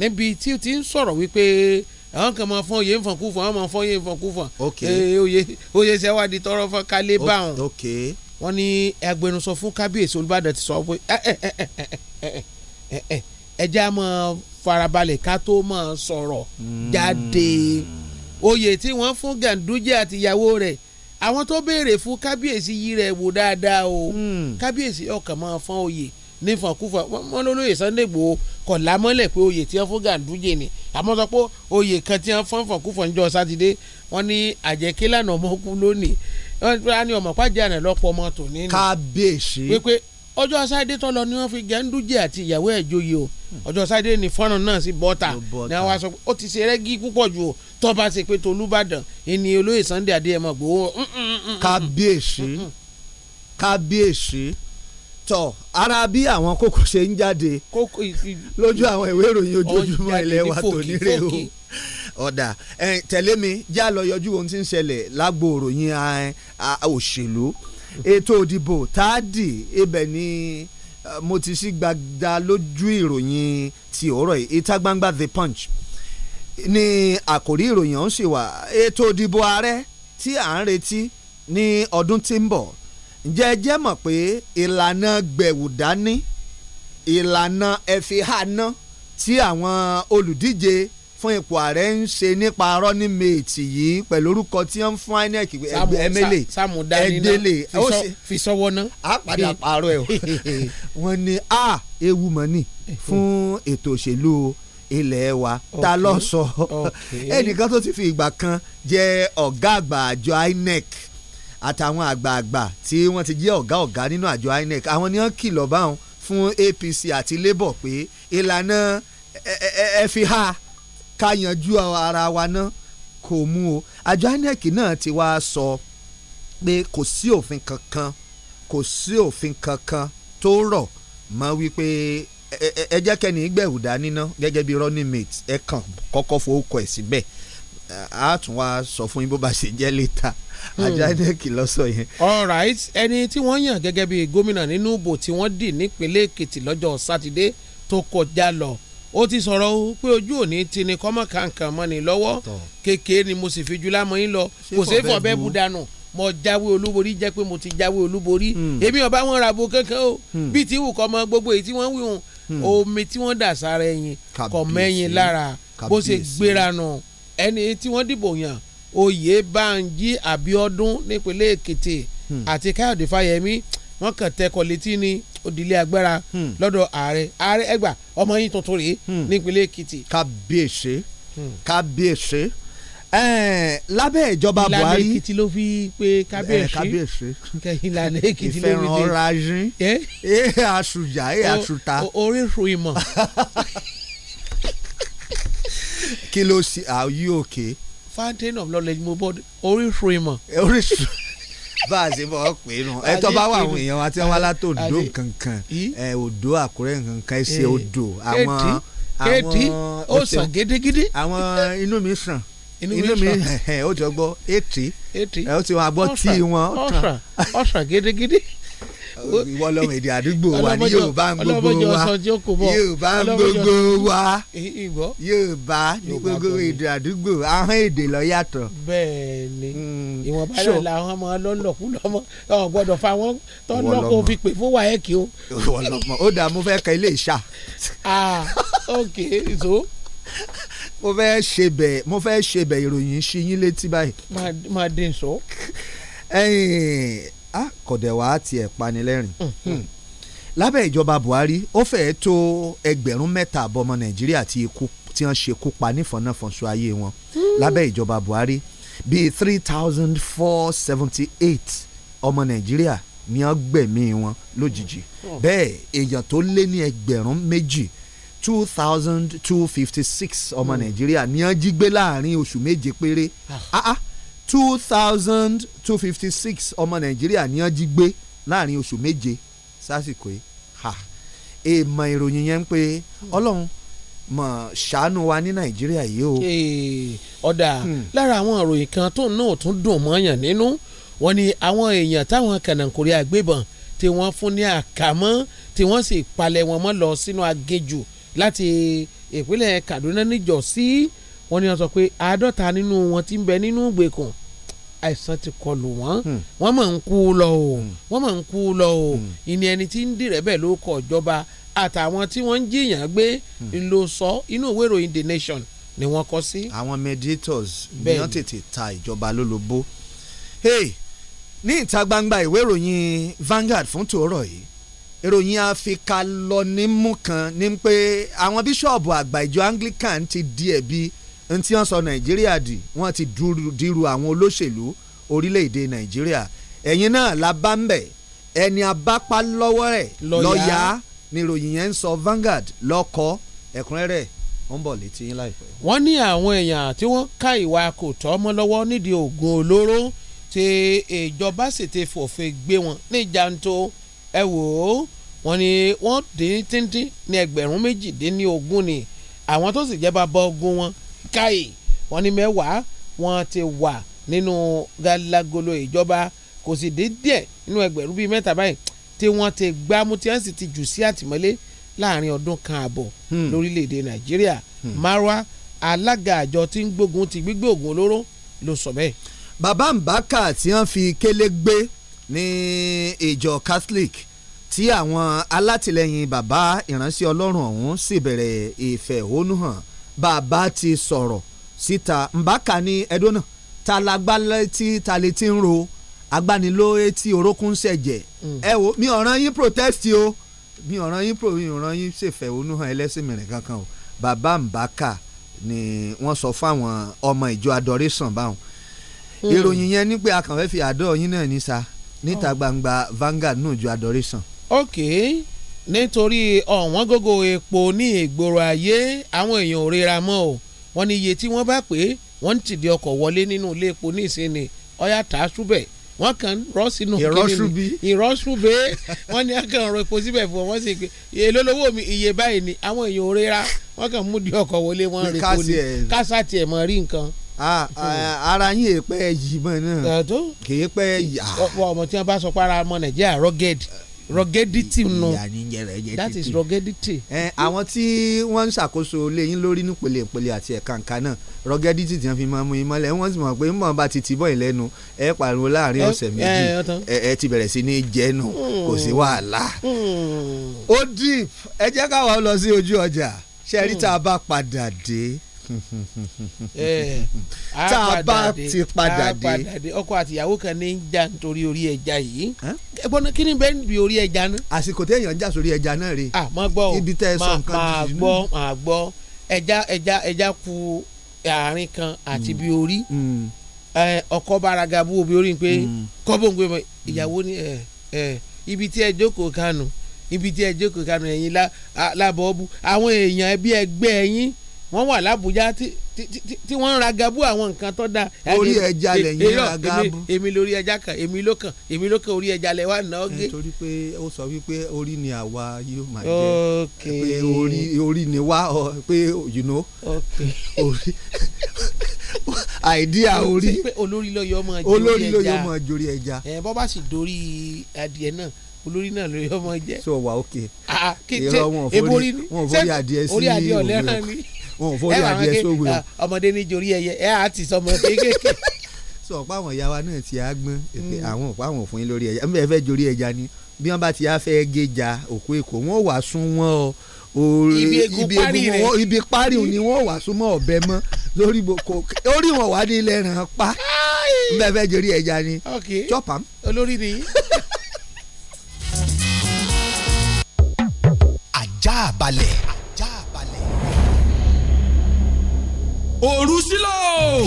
níbi tí ó ti ń sọ̀rọ̀ wípé àwọn kan máa fọ́n oyè ń fọ́n kú fọ́n àwọn máa fọ́n oyè ń fọ́n kú fọ́n eh, oyè oyè ṣe tọrọ fọ́n kálé báwọn wọ́n ní agbẹnusọ fún kábíyèsí olùbàdàn ti sọ pé ẹjẹ́ a máa farabalẹ̀ ká tó máa sọ̀rọ̀ hmm. jáde oyè tí wọ́n fún Ganduje àtìyàwó rẹ̀ àwọn tó béèrè fún kábíyèsí yìí rẹ̀ wò dáadáa o hmm. kábíyèsí ọkàn máa fọ́n oyè nífọ̀nkúfọ̀ wọn lólóyè Sunday Igboho kọ̀ lámọ́lẹ̀ pé oyè tí wọ́n fún Ganduje ni àmọ́ sọ pé oyè kan tí wọ́n fọ́n fọ̀nkúfọ̀ níjọ́ sátidé wọ́n ní àjẹkílànà ọmọkú lónìí wọ́n ní ọmọ pàjẹ́ àná lọ́pọ̀ ọmọ tòní ni. kábíyèsí. wípé ọjọ́ sáde tó lọ ni wọ́n fi gẹ́ńdújẹ àti ìyàwó ẹ̀ joyè o hmm. ọjọ́ sáde ni fọ́nrán náà sí bọ́tà ni àwọn aṣọ ó ti ṣe rẹ́gí púpọ̀ jù o tó bá ṣe pé tolúbàdàn ẹni olóyè Sunday Adéyẹmọ Ìgbòho. kábíyèsí kábíyèsí tọ ara bí àwọn kókó ṣe ń jáde lójú àwọn ìwé ìròyìn ojoojúmọ́ ilé wa tòní rèé o ọ̀dà tẹ̀lé mi já lọ yọjú ohun tí ń ṣẹlẹ̀ lágbo òròyìn òṣèlú ètò òdìbò táàdì ibẹ̀ ni mo ti sí gbagba lójú ìròyìn ti ọ̀rọ̀ yìí ìta gbangba the punch ni àkòrí ìròyìn ọ̀hún ṣì wà ètò òdìbò ààrẹ tí à ń retí ní ọdún tí ń bọ̀ ǹjẹ́ ẹ jẹ́ mọ̀ pé ìlànà gbẹ̀wù dání ìlànà ẹ̀fìhàná tí àwọn olùdíje fún ipò ààrẹ ń ṣe nípa arọ́ ní yìí pẹ̀lú orúkọ tí wọ́n ń fún INEC ẹ̀mẹ́lẹ̀ ẹ̀dẹ́lẹ̀ fi sọ́wọ́ ná. a padà pààrọ̀ ẹ̀ wọ́n ní a ewu mọ́ fún ètò òṣèlú ilẹ̀ wa ta lọ sọ ẹnìkan tó ti fi ìgbà kan jẹ ọ̀gá àgbà àjọ INEC àtàwọn àgbààgbà tí wọ́n ti jẹ́ ọ̀gá ọ̀gá nínú àjọ INEC àwọn ni wọ́n kìlọ̀ báwọn fún APC àti Labour pé ìlànà ẹ fi ha ká yanjú ara wa náà kò mú o àjọ INEC náà ti wá sọ pé kò sí òfin kankan kò sí òfin kankan tó rọ̀ mọ́ wípé ẹ jẹ́ kẹ́ni dání ná gẹ́gẹ́ bí running mate ẹ kàn kọ́kọ́ fowókọ ẹ̀ síbẹ̀ a tún wá sọ fún yín bó ba ṣe jẹ́ lẹ́ta àjọ hmm. INEC lọ sọ yẹn. all right ẹni tí wọ́n yàn gẹ́gẹ́ bí gómìnà nínú ìbò tí wọ́n dì nípínlẹ̀ Èkìtì lọ́jọ́ sátidé tó kọjá lọ ó ti sọ̀rọ̀ o pé ojú òní ti ni kọ́mọ kankan mọ́ ni lọ́wọ́ kékeré ni mo sì fi jula mọ́ yín lọ kò sí fọ̀bẹ́ bu dànù mo jáwé olúborí jẹ́ pé mo ti jáwé olúborí hmm. èmi ọba wọn ra bo kankan o hmm. bíi ti wù kọ́ mọ gbogbo èyí tí wọ́n wí hùn hmm. omi tí wọ́n dà sára ẹyin kọ̀ mẹ́yin lára bó ṣe gbéra nù ẹni tí wọ́n dìbò yàn oyè Bánjí Abíọ́dún nípínlẹ̀ Èkìtì àti Káyọ̀dé Fáyẹmí wọ́n kàn tẹkọ̀ létí ní òdìlé agbára hmm. lọ́dọ̀ ààrẹ ààrẹ ẹgbà ọmọ yìí tuntun rèé hmm. nípínlẹ̀ Èkìtì. kábíyèsí hmm. kábíyèsí lábẹ́ ìjọba Buhari ìlànà èkìtì ló fi pé kábíyèsí ìlànà èkìtì ló fi pé ìfẹ́ràn ọ̀rọ̀ ajín ẹ̀ àṣùjà ẹ̀ àṣùta orísun ìmọ̀. kí ló ṣe are you okay? fountain of knowledge mo bọ́ orísun ìmọ̀. orísun bá a ṣe bọ̀ pé nu ẹ tọ́ bá wà àwọn èèyàn wa tí wọ́n wá látò òdò kankan ẹ òdò àkúrẹ́ kankan ẹ ṣe òdò àwọn àwọn ó sàn gédégédé àwọn inú mi sàn inú mi ó jọ gbọ́ ètì ó ti wọn agbọ́ tí wọn ó tàn ó sàn gédégédé ìwọ lọ́mọ èdè àdúgbò wa ní Yorùbá ń gbogbo wa Yorùbá ń gbogbo wa Yorùbá ní gbogbo èdè àdúgbò ahọ́n èdè ló yàtọ̀. bẹ́ẹ̀ni hmm. ìwọ̀nba náà làwọn ọmọ lọlọkù lọmọ gbọ́dọ̀ fa wọn tọ lọkọ fi pè fún wáyẹkì o. ó dà mo fẹ́ ka ilé ìṣá. ah ok so mo fẹ́ ṣe bẹ̀ mo fẹ́ ṣe bẹ̀ ìròyìn ṣí yín létí báyìí. máa dín sọ. ẹyin a kọ̀dẹ̀ wá tiẹ̀ panilẹ́rìn hmm. Hmm. lábẹ́ ìjọba Buhari ó fẹ́ẹ́ tó ẹgbẹ̀rún mẹ́ta àbọ̀mọ Nàìjíríà tí wọ́n ṣekú pa nífọ̀nàfọ̀nso ayé wọn hmm. lábẹ́ ìjọba Buhari bíi three thousand four seventy eight ọmọ Nàìjíríà ni wọ́n gbẹ̀mí wọn lójijì bẹ́ẹ̀ èèyàn tó lé ní ẹgbẹ̀rún méjì two thousand two fifty six ọmọ Nàìjíríà ni wọ́n jí gbé láàrin oṣù méje péré ah ah, ah two thousand two fifty six ọmọ nàìjíríà ni wọ́n jí gbé láàrin oṣù méje sásìkò yìí ha èèmọ̀ ìròyìn yẹn ń pé ọlọ́run mọ̀ ṣàánú wa ní nàìjíríà yìí o. ọ̀dà hmm. lára àwọn ìròyìn kan tó náà tún dùn mọ́yàn nínú wọn ni àwọn èèyàn táwọn kànáńkórí àgbébọn tí wọ́n fún ní àkàmọ́ tí wọ́n sì palẹ̀ wọn mọ́ lọ sínú agéjù láti ìpínlẹ̀ kaduna níjọ sí. Si wọ́n ní wọ́n sọ pé àádọ́ta nínú wọn ti ń bẹ nínú ìgbèkùn àìsàn ti kọlù wọ́n hmm. wọ́n máa ń kú lọ o hmm. wọ́n máa ń kú lọ o hmm. ìní ẹni tí ń dìrẹ́ bẹ́ẹ̀ ló kọ̀ ìjọba àtàwọn tí wọ́n ń jiyàn gbé ló sọ inú ìwé ìròyìn The Nation ni wọ́n kọ sí. àwọn mediators ni wọ́n tètè ta ìjọba lólobó hey, ní ìta gbangba ìwé ìròyìn Vanguard fún tòórọ̀ yìí ìròyìn àfikalọ́nímù kan ní pé àwọn bíṣọ̀bù àgbà ìjọ Anglican ti di ẹ̀bi n tí wọ́n sọ nàìjíríà dì wọ́n ti dìrù àwọn olóṣèlú orílẹ̀-èdè nàìjíríà ẹ̀yin náà la bá ń bẹ̀ ẹni abápá lọ́wọ́ rẹ̀ lọ́ọ̀yà ni ìròyìn yẹn ń sọ Vanguard lọ́kọ́ ẹ̀kúnrẹ́rẹ́ ó ń bọ̀ létí yín láìpẹ́. wọ́n ní àwọn èèyàn tí wọ́n ká ìwà kò tọ́ mọ́ lọ́wọ́ nídìí oògùn olóró tí ìjọba sì ti fòfin gbé wọn ní janto ẹ wò ó wọ́n ní wọ́n dín tíntín ní ẹgbẹ̀rún méjìdínlógún ni àwọn tó sì jẹ́ bá bọ́ ogun wọn káì wọ́n ní mẹ́wàá wọ́n ti wà nínú galagolo ìjọba kò sì dé díẹ̀ nínú ẹgbẹ̀rún bíi mẹ́ta báyìí tí wọ́n ti gbámú tí ti jù sí àtìmọ́lé láàrin ọdún kan àbọ̀ hmm. lórílẹ̀‐èdè nàìjíríà hmm. marwa alága àjọ tí ń gbógun ti gbígbé oògùn olóró ló sọ bẹ́ẹ̀. bàbá mbàkà tí wọ́n fi kélé gbé ní ìjọ catholic tí àwọn alátìlẹyìn bàbá ìránṣẹ́ ọlọ́run ọ̀hún sì bẹ̀rẹ̀ ìfẹ̀hónúhàn e bàbá ti sọ̀rọ̀ síta mbàkà ní ẹdún náà ta lágbálẹ́tì ta lè ti ń ro agbanilóye tí orókún ṣẹ̀jẹ̀ mm. ẹ wo mi ò rán yín protest o mi ò rán yín pro mi ò rán yín ṣèfẹ̀hónú hàn ẹlẹ́sìn mìíràn kankan o bàbá mbàkà ni wọ́n sọ fáwọn ọmọ ìjọ adoration báwọn mm. ìròyìn yẹn ni pé a kàn fẹ́ fi àdó yín náà ní sa níta oh. gbangba Vanguard náà ju adoration. okay nítorí ọ̀wọ́n gógó epo ní ìgboro ayé àwọn èèyàn ò ríra mọ́ o wọ́n ní iye tí wọ́n bá pé wọ́n ń tìdí ọkọ̀ wọlé nínú ilé epo ní ìsinmi ọ̀yà tà á súbẹ̀ wọ́n kàn rọ́ sínú kíni ìrọ́sùbé wọ́n ní akàn rọ epo síbẹ̀ fún wọn sì pé èló mi iye báyìí ni àwọn èèyàn ò ríra wọ́n kàn mú di ọkọ̀ wọlé wọ́n rí epo ní kásá tiẹ̀ mọ̀ rí nǹkan ara yín èèpẹ́ yìí mọ̀ náà kì í pẹ́ ọmọ tí wọ́n bá sọ pé ara ọmọ nàìjíríà rọ́gẹ́dì ruggedity nu that is ruggedity. ẹ àwọn tí wọ́n ń ṣàkóso ilé yín lórí nípele ìpele àti ẹ̀ka nǹka náà ruggedity ti fi máa mú yín mọ́lẹ̀ wọ́n sì mọ̀ pé mọ̀ bá ti tìbọ̀ yín lẹ́nu ẹ pariwo láàrin ọ̀sẹ̀ méjì ẹ ti bẹ̀rẹ̀ sí ní jẹ́nu kò sí hmm. wàhálà. Hmm. ó dìp ẹ jẹ́ káwa lọ sí ojú ọjà ṣe rí hmm. tá a bá padà dé. Eh, tá a bá ti padà dé ọkọ àtìyàwó kan ní í jà nítorí orí ẹja yìí ẹ̀gbọ́n náà kí ni bẹ́ẹ̀ níbi orí ẹja náà. àsìkò téèyàn ń jà sórí ẹja náà rè ibi tẹ́ ẹ sọ nǹkan tuntun. máa gbọ́ máa gbọ́ ẹja ẹja ẹja ku àárín kan àti mm. bí orí mm. ọkọ báraga bú obi orí pé mm. kọ́bọ̀n gbé mọ́ ìyàwó ni ibi tí ẹ jókòó kanu ibi tí ẹ jókòó kanu ẹ̀yin lábọ̀ ọ́bù àwọn èèyàn ẹbí ẹgbẹ́ ẹ̀yìn wọ́n wà lábújá tí wọ́n ra gabu àwọn nǹkan tó dáa. orí ẹja lẹ̀ yín ra gabu. èmi lórí ẹja kan èmi ló kàn èmi ló kàn orí ẹja lẹ̀ wà náà gé. nítorí pé ó sọ wípé orí ni àwa yóò máa jẹ pé orí orí ni wá ọ pé you know orí àìdíà orí olórí ló yọ ọmọ jórí ẹja. ẹ bọ́ bá sì dorí adìẹ náà olórí náà lórí ọmọ jẹ. sọ wa ok. ah, ah kí n tẹ ebori ni sẹ orí adìẹ sí ìwé wọn ò fọrí adìẹ sówe o. ọmọdé níjorí ẹyẹ ẹ á ti sọmọ kéékèèké. sọ ọ̀pá àwọn ìyá wa náà ti á gbọ́n àwọn ọ̀pá àwọn òfin lórí ẹja ẹ fẹ́ jorí ẹja ni bí wọ́n bá ti á fẹ́ géjà òkú èkó wọ́n wà sún wọn o ibi parí ni wọ́n wà sún mọ́ ọ̀bẹ mọ́ lórí orí wọn wà ní ràn pa bẹ́ẹ̀ fẹ́ jorí ẹja ni chopam. olórí ni. ajá balẹ̀. òrùsílò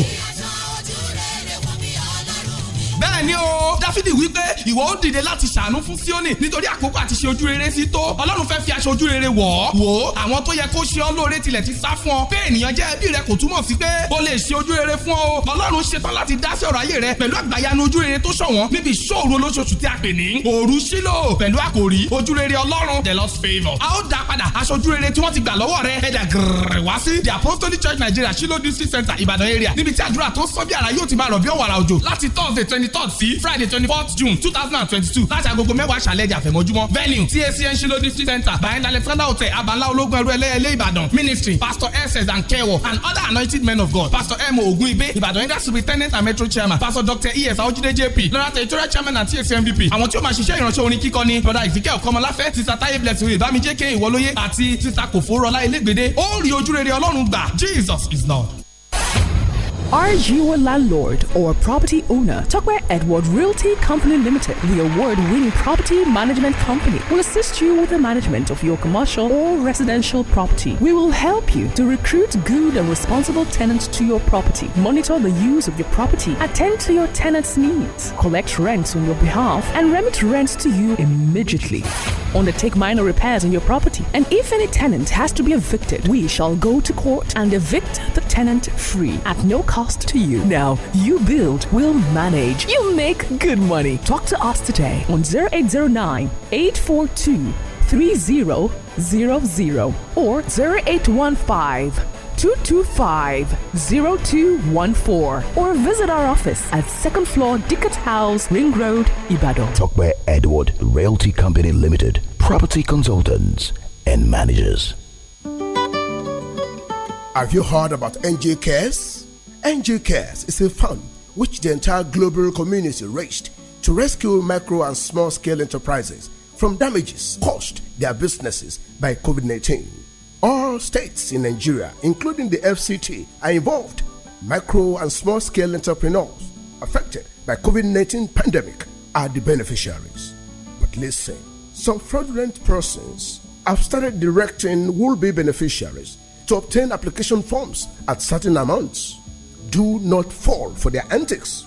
bẹ́ẹ̀ ni o dáfídì wípé ìwọ ó dìde láti ṣàánú fún síónì nítorí àkókò àti ṣe ojú rere sí tó ọlọ́run fẹ́ fi aṣojú rere wọ̀ ọ́ wò ó àwọn tó yẹ kó ṣe ọ́ lóore tilẹ̀ ti sá fún ọ pé ènìyàn jẹ́ ẹbí rẹ kò túmọ̀ sí pé o lè ṣe ojú rere fún ọ ọlọ́run ṣetán láti dá sí ọ̀rọ̀ ayé rẹ pẹ̀lú àgbàyanu ojú rere tó ṣọ̀wọ́n níbi ìṣòro olóṣooṣù tí a pè ní òru sílò pẹ̀lú àkòrí ojú rere ọlọ́run the lord's favour a ó dá padà aṣojú rere tí wọ́n ti gbà lọ́wọ́ rẹ ẹ̀dà gírrrr wá sí the apostolic church nigeria shilo district center ìbàdàn area níbi tí àdúrà tó sọ bí ara yóò ti máa rọ̀ bí ọ̀wàrà òjò láti thursday twenty twenty-third sí friday 24th june 2022. thousand and twenty-two láti agogo mẹ́wàá ṣàlẹ̀ ẹ̀jẹ̀ àfẹ̀mọ́júmọ́ venue tscn shilo district center behind alexander hotel abanla ológun ẹrú ẹlẹ́yẹlé ìbàdàn ministry pastor ss and kewo and other anointed men of god pastor m ogunigbe ìbàdàn area superintendent and metro chairman pastor dr es awojide jp lọ́nà territorial chairman and tsc mvp àwọn tí ó máa ṣiṣẹ́ ìránṣẹ́ orin kíkọ ni brother ezekiel kọmọláfẹ́ sister taye blessing ìbámi jk ìwọlóye àti sister kòfórọlá elégbèdé ó rí ojúrere ọlọ́run gbà jesus is lord. Are you a landlord or property owner? Tuckware Edward Realty Company Limited, the award-winning property management company, will assist you with the management of your commercial or residential property. We will help you to recruit good and responsible tenants to your property, monitor the use of your property, attend to your tenants' needs, collect rents on your behalf, and remit rents to you immediately. Undertake minor repairs on your property, and if any tenant has to be evicted, we shall go to court and evict the tenant free at no cost cost to you. Now, you build, we'll manage, you make good money. Talk to us today on 0809 842 3000 or 0815 225-0214 or visit our office at second floor Dickett House, Ring Road, Ibadan. Talk by Edward Realty Company Limited, property consultants and managers. Have you heard about NJ Cares? NJ Cares is a fund which the entire global community raised to rescue micro and small scale enterprises from damages caused their businesses by COVID 19. All states in Nigeria, including the FCT, are involved. Micro and small scale entrepreneurs affected by COVID 19 pandemic are the beneficiaries. But listen, some fraudulent persons have started directing will be beneficiaries to obtain application forms at certain amounts do not fall for their antics.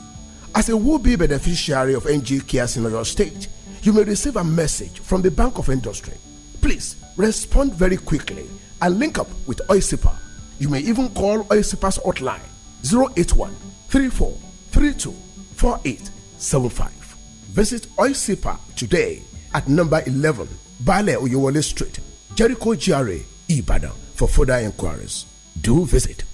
As a would be beneficiary of NGK as in your state, you may receive a message from the Bank of Industry. Please respond very quickly and link up with OISIPA. You may even call OISIPA's hotline 081 34 32 4875. Visit OISIPA today at number 11, Bale Oyewole Street, Jericho GRA, Ibadan for further inquiries. Do visit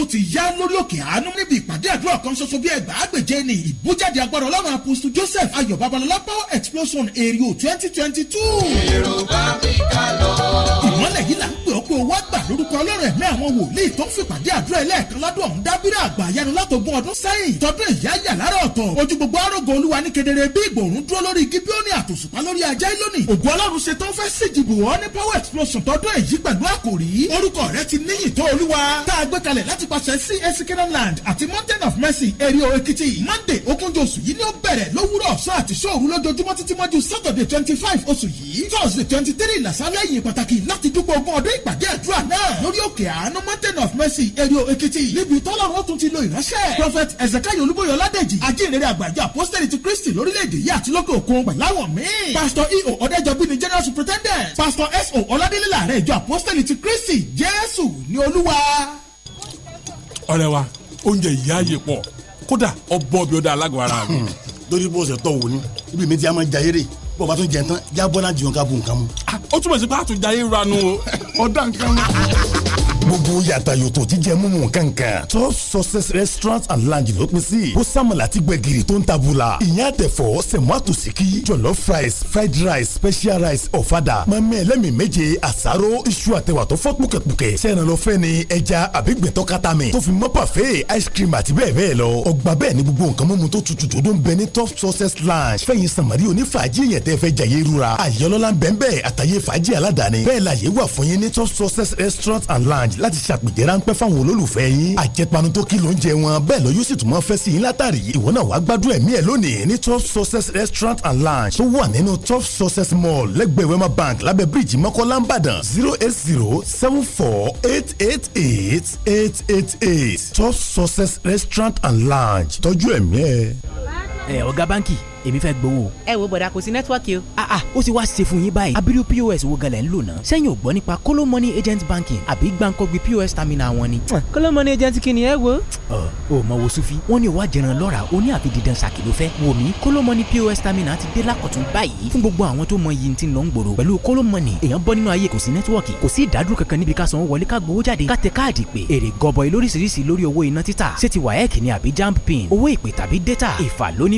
ó ti yá lórí òkè àánú níbi ìpàdé àdúrà kan ṣoṣo bí ẹgbàá àgbèjẹ ni ìbújáde agbára ọlọ́run apostle joseph ayọ̀ babalọlá power explosion èrè o twenty twenty two. èrò bá mi ká lọ. ìmọ̀lẹ̀ yìí là ń pè ọ́ o wá gbà lórúkọ ọlọ́run ẹ̀mí àwọn wòlíì tó ń fìpàdé àdúrà ẹlẹ́ẹ̀kan lọ́dún ọ̀hún dábírà àgbà yanu látọ̀gbọ́n ọdún sẹ́yìn tọdún ìyá yà lára ọ̀tọ̀ ojú gbogbo arógo olúwa ní kedere bí ìgbòrún dúró lórí gíbíọ́nì àtòṣùpá lórí ajá ìlónì ògùn ọlọ́run ṣe tó ń fẹ́ síjìbù ọ́ ní power explosion tọdún èyí pẹ̀lú àkòrí orúkọ rẹ ti níyì tó olúwa tá a gbé kalẹ̀ láti pàṣẹ sí esikiran land àti mountain of mercy erio ekiti monday ogúnjọ́ oṣù yìí ni ó bẹ̀rẹ̀ lówùrọ̀ ọ̀sán àti sóòru lójoojúmọ́ títí mọ́jú saturday twenty five oṣù yìí thursday twenty three làṣálẹ̀ yìí pàtàkì láti dúpọ̀ ogún ọdún ìpàdé àdúrà náà lórí òkè àánú mountain of mercy erio ekiti níbi tọ́lọ́run ó tún ti lo ìránṣẹ́ prophet ezekiel olúbóyè ọládèjì ajínrere àgbàjọ apostolic ti kristi lórílẹ̀‐èdè yìí àti lókè òkun pẹ̀láwọ̀ míì pastor eo ọ̀dẹ́jọbí ni general superintendent pastor so ọládélé làárẹ̀ ìjọ apostolic ti kristi jésù ni olúwa. ọ̀rẹ́ wa oúnjẹ ìyá yìí pọ̀ kódà ọbọ̀ bí ó dá alágbára mi. Hmm. lórí bó ṣe tọ́ ibi mi ti á bó bá tún jẹ tán jábọ́ láti jùlọ ká bu nǹkan mu. Ah, ó túmọ̀ sí pé àtúnjáyé ranu ọ̀dà nǹkan mu. gbogbo yàtà yòtò jíjẹ mímu kankan top success restaurant and lounge ló pín sí bó sàmàlà ti gbẹ̀gìrì tó ń tabula ìyẹn àtẹ̀fọ́ sẹ̀mú àtòsíkí jollof rice fried rice special rice ọ̀fadà mọ̀mí ẹlẹ́mì méje àsáró iṣu àtẹwà tó fọ́ pùkẹ̀pùkẹ̀ sẹ́ran lọ fẹ́ ni ẹja àbí gbẹ̀tọ́ kata mi tó fi mọ́ pàfẹ́ ice cream àti bẹ́ẹ̀ bẹ́ẹ̀ lọ ọgbà bẹ́ẹ̀ ni gbogbo nǹkan mímu tó tutù tó ń bẹ ní top success lounge fẹ̀yìn sàmárì onífàájì yẹn tẹ́ fẹ́ jàyè rura àyọlọ́lá bẹ́ẹ̀ bẹ́ẹ̀ àtàyè fàájì aládàáni bẹ́ẹ̀ la yẹ wà fún yín ní top success restaurant and lounge láti ṣàpèjẹ ráńpẹ́ fáwọn olólùfẹ́ yín àjẹpanu tó kí ló ń jẹ wọn bẹ́ẹ̀ lọ yóò sì tún máa fẹ́ sí yín látàrí ìwọ náà wàá gbádùn ẹ̀mí ẹ̀ lónìí ní top success restaurant and lounge tó wà nínú top success mall lẹ́gbẹ̀ẹ́ wema bank lábẹ́ bíríìjì mọ́kànlá ńbàdàn zero eight zero seven four eight eight eight eight eight eight top success restaurant and lounge tọ́jú ẹ̀mí ẹ̀ ẹ ọ̀gá báǹkì èmi fẹ́ gbowó. ẹ wo bọ̀dà kò sí nẹ́tíwọ́ọ̀kì o. a ah, a ah, ó ti wá ṣe fún yín báyìí abiru pos wo galẹ̀ ń lò náà sẹ́yìn ò gbọ́ nípa kóló money agent banking àbí gbàǹkọ́gbì pos terminal wọn ni. Ah, kóló money agent kí ni ẹ wo. ọ ò mọ wo sufi wọn ní ìwà jẹran lọ́ra ó ní àfi didan ṣàkì fẹ́ wò mí kóló money pos terminal ti dé lákọ̀tún báyìí fún gbogbo àwọn tó mọ yìí ti ń lọ ń gbòòrò pẹ̀lú kóló money èèyàn bọ́ nínú ayé kò sí nẹ́tíwọ́ọ̀kì kò sí ìdádúró kankan níbi ká sanwó wọlé ká ni àbí jamb pin owó ìpè data ìfà lóní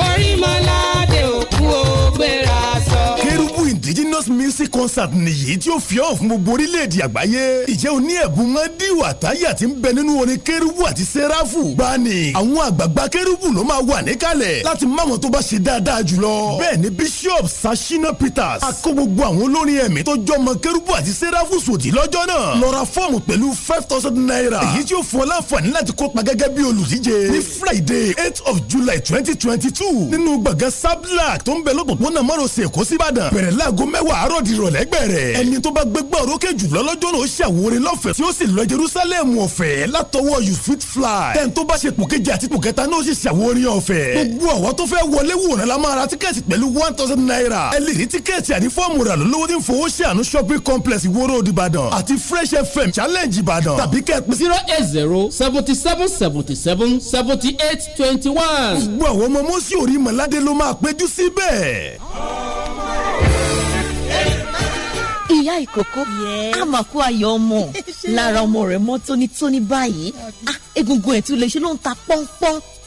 orí mọ́ládé òkú o indigenous music concert nìyí tí ó fi hàn fún gbogbo orílẹ̀-èdè àgbáyé. ìjẹ́ o ní ẹ̀bùn wọn díwà táyà tí ń bẹ nínú orin kérúbù àti sẹ́ráfù. báni àwọn àgbààgbà kérúbù ló máa wà níkàlẹ̀ láti má wọn tó bá ṣe dáadáa jùlọ. bẹ́ẹ̀ ni bishop sashina peters akó gbogbo àwọn olórin ẹ̀mí tó jọmọ kérúbù àti sẹ́ráfù sòdì lọ́jọ́ náà. lọ ra fọ́ọ̀mù pẹ̀lú five thousand naira. èyí tí ó fún ọ láǹfààní láti kópa gẹ́gẹ́ bí olùdíje ní friday eight of july twenty twenty two nínú gbọ̀ngàn sablak tó ń bẹ lọ́pọ̀pọ̀nà márosẹ̀ èkó síbàdàn aago mẹ́wàá àárọ̀ di ìrọ̀lẹ́ gbẹ̀rẹ̀. ẹni tó bá gbégbá òrókè jùlọ lọ́jọ́ náà ó ṣàwòrán lọ́fẹ̀ẹ́ tí ó sì lọ Jerusalem ọ̀fẹ́ látọwọ́ you fit fly. tẹ́ni tó bá ṣe pò kejì àti pò kẹta náà ó ṣàwòrán ọ̀fẹ́. gbogbo àwọn tó fẹ́ wọlé wòran la máa ra tíkẹ́ẹ̀tì pẹ̀lú one thousand naira. ẹ gbogbo àwọn ọmọ mọ́sí orí mọ̀ládé ló máa péjú síbẹ̀ ìyá ìkókó a máa kó ayọ̀ ọmọ lára ọmọ rẹ̀ mọ́ tónítóní báyìí ah, egungun ẹ̀ tún lè ṣe ló ń ta pọ́npọ́n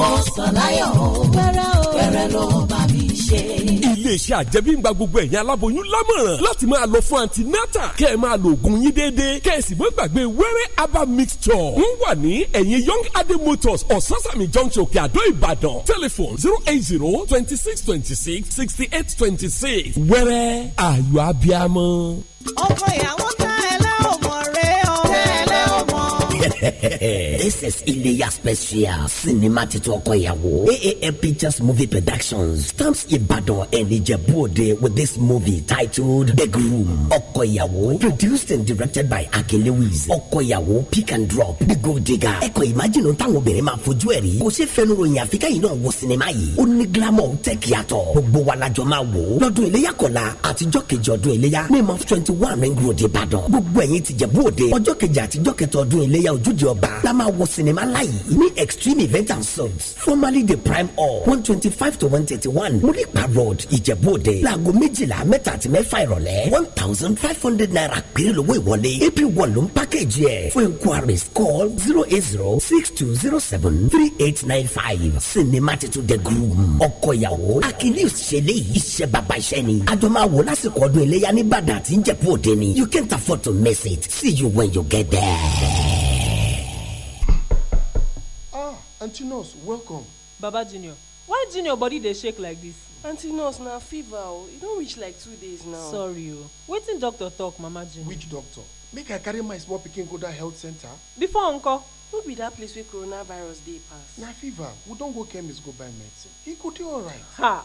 pásítọ̀ láyọ̀ o pẹ̀rẹ̀ o pẹ̀rẹ̀ ló bá mi ṣe. iléeṣẹ́ àjẹmíngba gbogbo ẹ̀yin aláboyún lámọ̀ràn láti máa lọ fún antinata kẹ́ ẹ máa lo oògùn yín déédéé kẹ́ ẹ sì mọ́ gbàgbé wẹ́rẹ́ aba mixture wọ́n wà ní ẹ̀yìn young adé motors ososani junction òkè àdó ìbàdàn telephone zero eight zero twenty six twenty six sixty eight twenty six wẹ́rẹ́ ayọ̀ abiamọ. ọkọ ìyàwó tá ẹ lẹ́ ọmọ rẹ ọ. tẹ́ ẹ lẹ́ ọmọ. this is Iléyá special sinima titun ọkọ ìyàwó AAM Pictures movie productions stamps Ibadan and Ijebu-Ode with this movie titled The Groom ọkọ ìyàwó produced and directed by Akin Lewis ọkọ ìyàwó pick and drop The Gold Digger ẹ̀kọ́ ìmájìnnú táwọn obìnrin máa fojú ẹ̀ rí kò ṣe fẹnu ròyìn àfikẹ́ yìí náà wo sinima yìí ó ní gílámọ̀ tẹ́kì yàtọ̀ gbogbo wa lajọ máa wò ó lọ́dún Iléyá kọ̀la àtijọ́ kejì ọdún Iléyá ní month twenty one ring road Ìbàdàn gbogbo ẹ̀yin tìjẹ̀bú-Òde ọjọ́ kejì àtijọ́ kẹtọ̀ ọdún Iléyá ojú àjọba la máa wo sinimá láyìí ní extreme event and subs formerly the prime hall one twenty five to one thirty one muripa road ìjẹ̀bú-òde láago méjìlá mẹ́ta àti mẹ́fà ìrọ̀lẹ́ one thousand five hundred naira péré lówó ìwọlé april one ló ń pákéjì ẹ̀ fún inquiries call zero eight zero six two zero seven three eight nine five sinimá titun the groom ọkọ ìyàwó akilius ṣẹlẹ̀ iṣẹ́ bàbá iṣẹ́ ni àjọ máa wò lásìkò ọdún iléyà ní ìbàdàn àti ìjẹ̀bú-òde ni you can't afford to miss it see you when you get there aunty nurse welcome. baba junior why junior body dey shake like this. aunty nurse na fever o e don reach like two days now. sorry o wetin doctor talk mama junior. which doctor make i carry my small pikin go that health center. before uncle. no be that place wey coronavirus dey pass. na fever we don go chemist go buy medicine He go dey alright. ha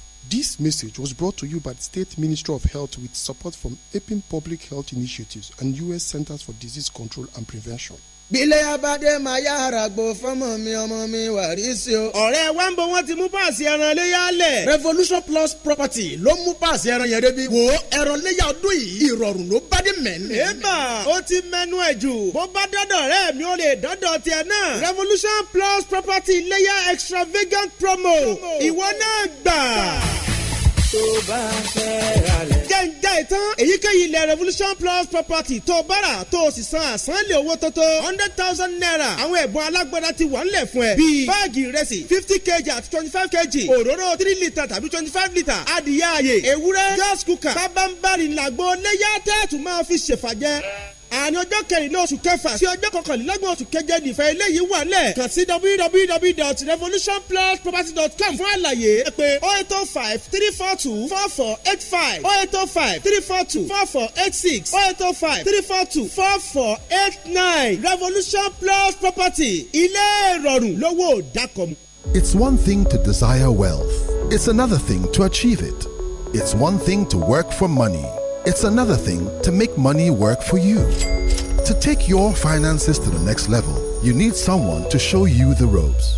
This message was brought to you by the State Ministry of Health with support from APIM Public Health Initiatives and U.S. Centers for Disease Control and Prevention. bílẹ̀ abadé máa yá àràgbò fọ́mọ mi ọmọ mi wàrí sí o. ọ̀rẹ́ wa ń bọ̀ wọ́n ti mú páàsì ẹran léyà lẹ̀. revolution plus property ló mú páàsì ẹran yẹn débi. wo ẹran léyà ọdún yìí ìrọ̀rùn ló bá dé mẹ́ni. èèbà ó ti mẹ́nu ẹ̀ jù bó bá dọ́dọ̀ rẹ̀ mi ò lè dọ́dọ̀ tiẹ̀ náà. revolution plus property léyà extravagant promo ìwọ náà gbà tó bá fẹ́ ra lẹ̀. jẹ́njẹ́ ìtàn èyíkéyìí ilẹ̀ revolution plus property tó bára tó o sì san àsánlé owó tó hundred thousand naira àwọn ẹ̀bùn alágbára ti wà ńlẹ̀ fún ẹ bíi báàgì ìrẹsì fifty kg àti twenty five kg òróró three litre tàbí twenty five litre adìyẹ ààyè ewúrẹ́ gas cooker sábàǹbarì làgbo léyà tẹ́ẹ̀tù máa fi ṣèfàjẹ́ àní ọjọ́ kẹrìnlá oṣù kẹfà sí ọjọ́ kọkànlélọ́gbọ̀n oṣù keje nìfẹ́ eléyìí wà lẹ̀ kàn sí www.revolutionplusproperty.com fún àlàyé pé oh eight oh five three four two four four eight five oh eight oh five three four two four four eight six oh eight oh five three four two four four eight nine Revolution Plus Property ilé ìrọ̀rùn lówó dákọ̀mù. It's one thing to desire wealth. It's another thing to achieve it. It's one thing to work for money. It's another thing to make money work for you. To take your finances to the next level, you need someone to show you the ropes.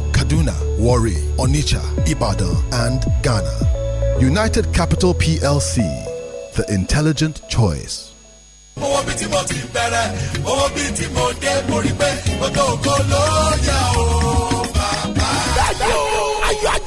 Kaduna, Warri, Onitsha, Ibadan, and Ghana. United Capital PLC, the intelligent choice. tí mo ti bẹ̀rẹ̀ tí mo dé mo rí pé mo tó kó lóyà o.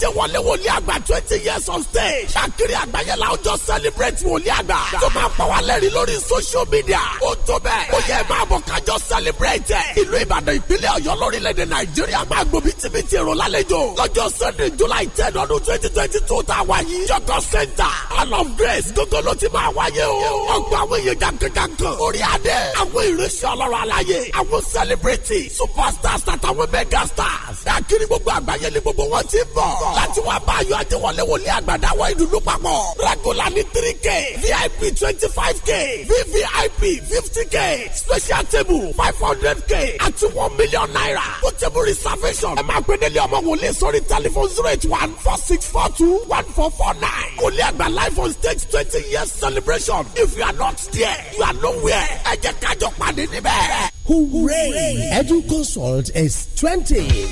jẹ́ wọlé wòlíì àgbà twenty years of stay. ṣàkiri àgbáyé la ó jọ celebrate wòlíì àgbà. tó máa pa wá lẹ́rìí lórí social media. ó tó bẹ́ẹ̀. ó yẹ máa bọ̀ kájọ celebrate. ìlú Ìbàdàn ìpínlẹ̀ Ọ̀yọ́ lórílẹ̀‐èdè Nàìjíríà máa gbòbí tìbítì èrò lálejò. lọ́jọ́ Sunday July ten ọdún twenty twenty two tá a wá yìí. jọkọ center all of grace gógó ló ti máa wáyé o. ọgbà àwọn èèyàn jàǹkàǹkàǹkàn. orí adé àwọn ìrẹsì ọlọ́run aláyé àwọn celebrity superstars àtàwọn megastars. dàkírí gbogbo àgbáyé ni gbogbo wọn ti bọ̀ láti wá bá ayọ̀ àjẹwọlé wòlé àgbàdo àwọn ìdùnnú papọ̀ regular ní three k vip twenty five k vvip fifty k special table five hundred k àti one million naira ó table reservation ẹ máa gbé délé ọmọ wòlé sórí telephone zero eight one four six four two one four four nine wòlé àgbà life on stage twenty years celebration if you are not there you are nowhere ẹ jẹ́ kájọ pàdé níbẹ̀. hooray edu consult is twenty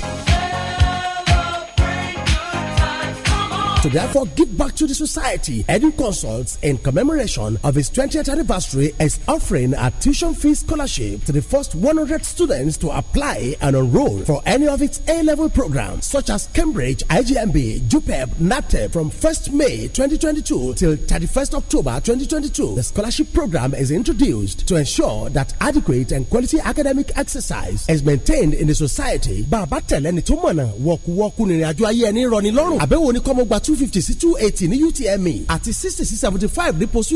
to therefore give back to the society. Edu Consults, in commemoration of its 20th anniversary, is offering a tuition fee scholarship to the first 100 students to apply and enroll for any of its A level programs, such as Cambridge, IGMB, JUPEB, NATE. from 1st May 2022 till 31st October 2022. The scholarship program is introduced to ensure that adequate and quality academic exercise is maintained in the society. Bàbá tẹ̀lẹ́ni tó mọ̀nà wọ̀kúwọ́kú nìrìnàjò ayé ẹni rọ̀ ní lọ́rùn. Àbẹ̀wò ni kọ́mọgbà tú two fifty sí two eighty ní UTME àti sixty sí seventy five ní post